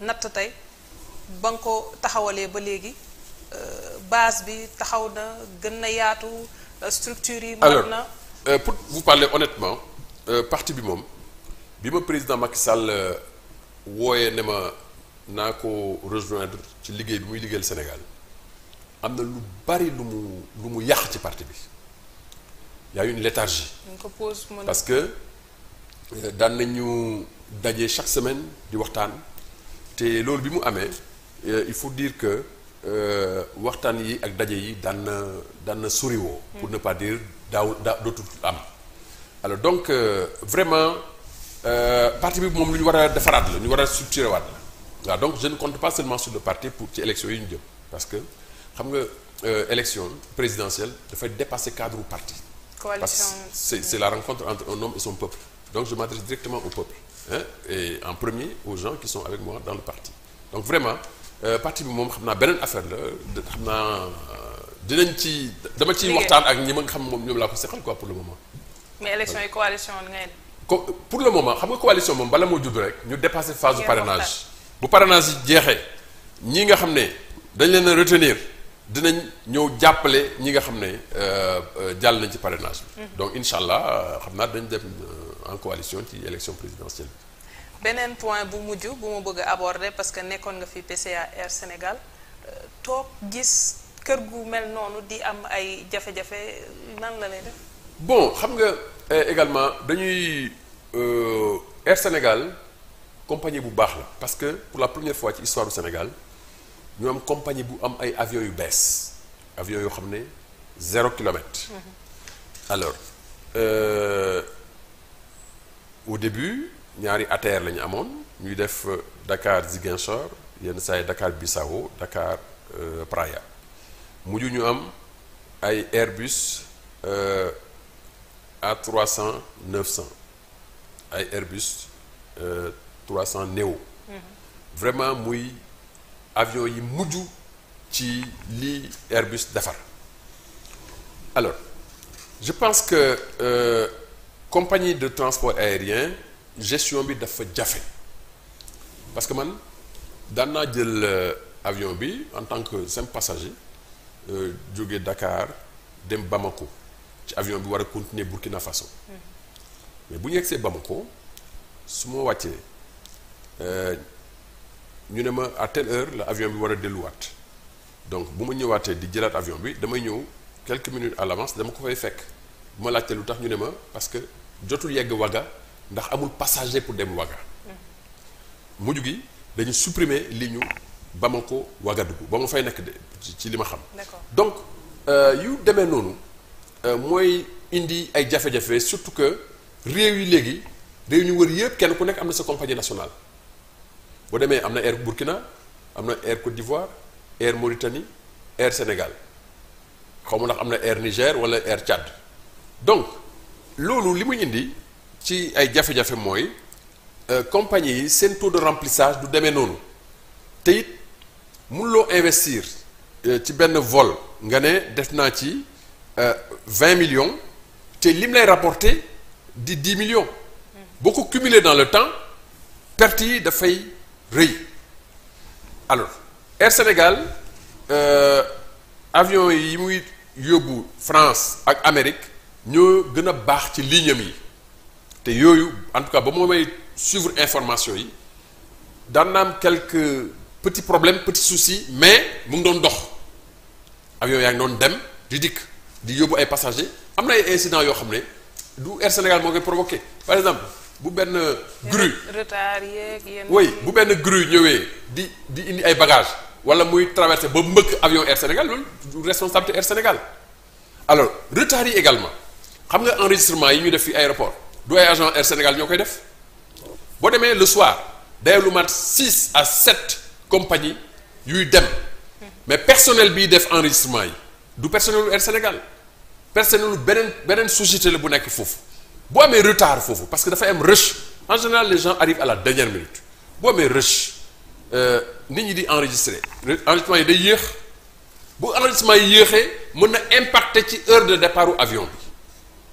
natt tey ba nga ko taxawalee ba léegi base bi taxaw na gën na yaatu structure yi. mat na. Euh, pour vous parler honnêtement euh, bi moom bi ma président Macky Sall euh, wooye ne ma naa ko rejoindre ci liggéey bi muy liggéeyal Sénégal am na lu bari lu mu lu mu yàq ci parti bi y a une léthargie parce que euh, daan ñu daje chaque semaine di waxtaan te loolu bi mu amee il faut dire que waxtaan yi ak daje yi daan na daan na soriwoo pour ne pas dire daaw daa dootul am alors donc euh, vraiment euh, parti bi moom lu ñu war a defaraat la ñu war a structuré waat la waaw donc je ne compte pas seulement sur le parti pour ci élection yi ñu jëm parce que xam nga euh, élection présidentielle dafay dépasser cadre u parti parce que c'est c'est la rencontre entre un homme et son peuple donc je m'adresse directement au peuple en premier aux gens qui sont avec moi dans le parti donc vraiment euh, parti bi moom xam naa beneen affaire la xam naa dinañ ci dama ciy waxtaan ak ñi ma nga xam moom ñoom laa ko seqal quoi pour le moment. mais élection yi coalition ngay ko pour le moment xam nga coalition moom bala moo judd rek ñu dépassé phase du parrainage bu parrainage yi jeexee ñi nga xam ne dañ leen a retenir dinañ ñëw jàppale ñi nga xam ne euh, jàll nañ ci parrainage bi mm-hmm. donc incha allah euh, xam naa dañ dem euh, en coalition ci élection présidentielle bi beneen point bu mujj bu ma bëgg a aborder parce que nekkoon nga fi PCA Air Sénégal toog gis kër gu mel noonu di am ay jafe-jafe nan la lay def. bon xam nga eh, également dañuy euh, Air Sénégal compagnie bu baax la parce que pour la première fois ci histoire du Sénégal ñu am compagnie bu am ay avions yu bees avions yoo xam ne zéro kilomètre. Mhm. alors euh, au début ñaari ATR lañu amoon ñuy def euh, Dakar Ziguinchor yenn saa yi Dakar Bissau euh, Dakar Praia. mujj ñu am ay Airbus euh, A trois cent neuf cent ay Airbus euh, trois cent néo mhm. vraiment muy avion yi mujj ci lii Airbus defar alors je pense que euh, compagnie de transport aérien gestion bi dafa jafe parce que man daan naa jël euh, avion bi en tant que simple passager Euh, jóge dakaar dem Bamako ci avion bi war a continuer Burkina Faso mm-hmm. mais bu ñu yegsee Bamako su ma wàccee euh, ñu ne ma à heure la avion bi war a delluwaat donc bu ma ñëwaatee di jëlaat avion bi damay ñëw quelques minutes à l'avance dama ko fay fekk bu ma laajtee lu tax ñu ne ma parce que jotul yegg Ouaga ndax amul passager pour dem Ouaga mm-hmm. mujj gi dañu supprimer li ñu ba ko Ouagadougou ba ma fay nekk de ci li ma xam. donc euh, yu demee noonu euh, mooy indi ay jafe-jafe surtout que réew yi léegi réew ñu wër yëpp kenn ku nekk am na sa compagnie nationale. boo demee am na Air Burkina am na Air Côte d'Ivoire Air Mauritanie Air Sénégal xaw ma ndax am na Air Niger wala Air Tchad donc loolu li muy indi ci ay jafe-jafe mooy euh, compagnie yi seen taux de remplissage du demee noonu te mënuloo investir euh, ci benn vol nga ne def naa ci euh, vingt millions te lim lay rapporter di dix millions boo ko cumuler dans le temps perte yi dafay rëy alors Air Sénégal euh, avion yi muy yóbbu France ak Amérique ñoo gën a baax ci ligne yi te yooyu en tout cas ba moo may suivre information yi daan na petit problème petit souci mais mu ngi doon dox avion yaa ngi doon dem di dikk di yóbbu ay passagers am na ay incidents yoo xam ne du Air Sénégal moo koy provoqué par exemple bu benn grue retard yeeg yenn bu benn grue ñëwee di di indi ay bagages wala muy traversé ba mbëkk avion Air Sénégal loolu du responsabilité Air Sénégal alors retard yi également xam nga enregistrement yi ñu def fi aéroport du ay agent Air Sénégal ñoo koy def boo demee le soir day lu mat 6 à 7 compagnie yuy dem mais personnel bii def enregistrement yi du personnel lu Air Sénégal personnel lu beneen beneen société la bu nekk foofu boo amee retard foofu parce que dafay am rush en général les gens arrivent à la dernière minute boo amee rush euh, nit ñi di enregistrer enregistrement yi day yéex bu enregistrement yi yéexee mën na impacter ci heure de départ u avion bi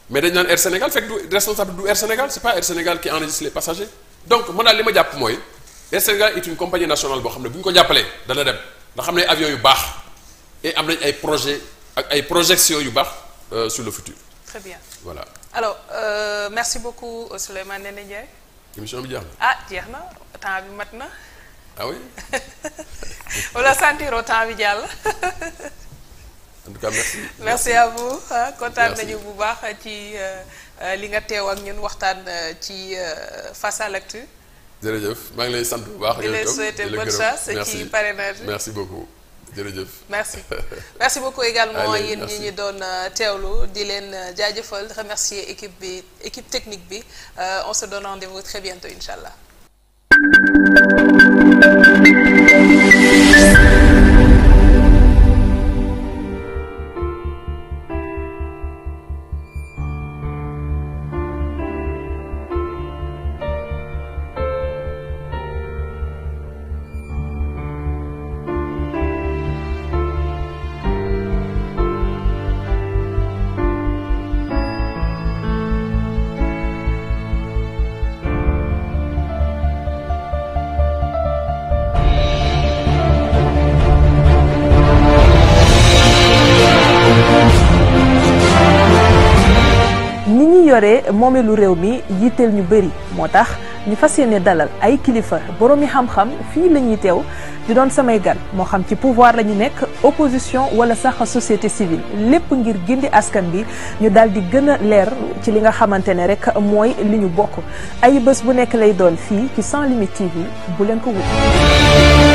mais dañ naan Air Sénégal fekk du responsable du Air Sénégal c'est pas Air Sénégal qui enregistre les passagers donc man daal li ma jàpp mooy Air Sénégal est une compagnie nationale boo xam ne bu ñu ko jàppalee dana dem ndax xam ne avion yu baax et am nañ ay projet ak ay projections yu baax euh, sur le futur. très bien voilà. alo euh, merci beaucoup Souleymane Ndéné Ndiaye. émission bi jeex ah jeex na temps bi mat na. ah oui. wala temps bi jàll. en tout cas merci. merci à vous nañu bu baax ci euh, euh, li nga teew ak ñun waxtaan ci Face à jërëjëf maa ngi lay sant bu baax. di lay souhaiter bonne chance ci parrainage merci beaucoup. jërëjëf merci merci beaucoup également yéen ñi ñu doon euh, teewlu di leen euh, jaajëfal remercier équipe bi équipe technique bi euh, on se donne rendez très bientôt incha allah. moome lu réew mi yitteel ñu bari moo tax ñu fas yéene dalal ay kilifa boroomi xam-xam fii la teew di doon samay gan moo xam ci pouvoir lañu nekk opposition wala sax société civile lépp ngir gindi askan bi ñu daal di gëna leer ci li nga xamante ne rek mooy li ñu bokk ay bés bu nekk lay doon fii ci Sans Limites TV bu leen ko wut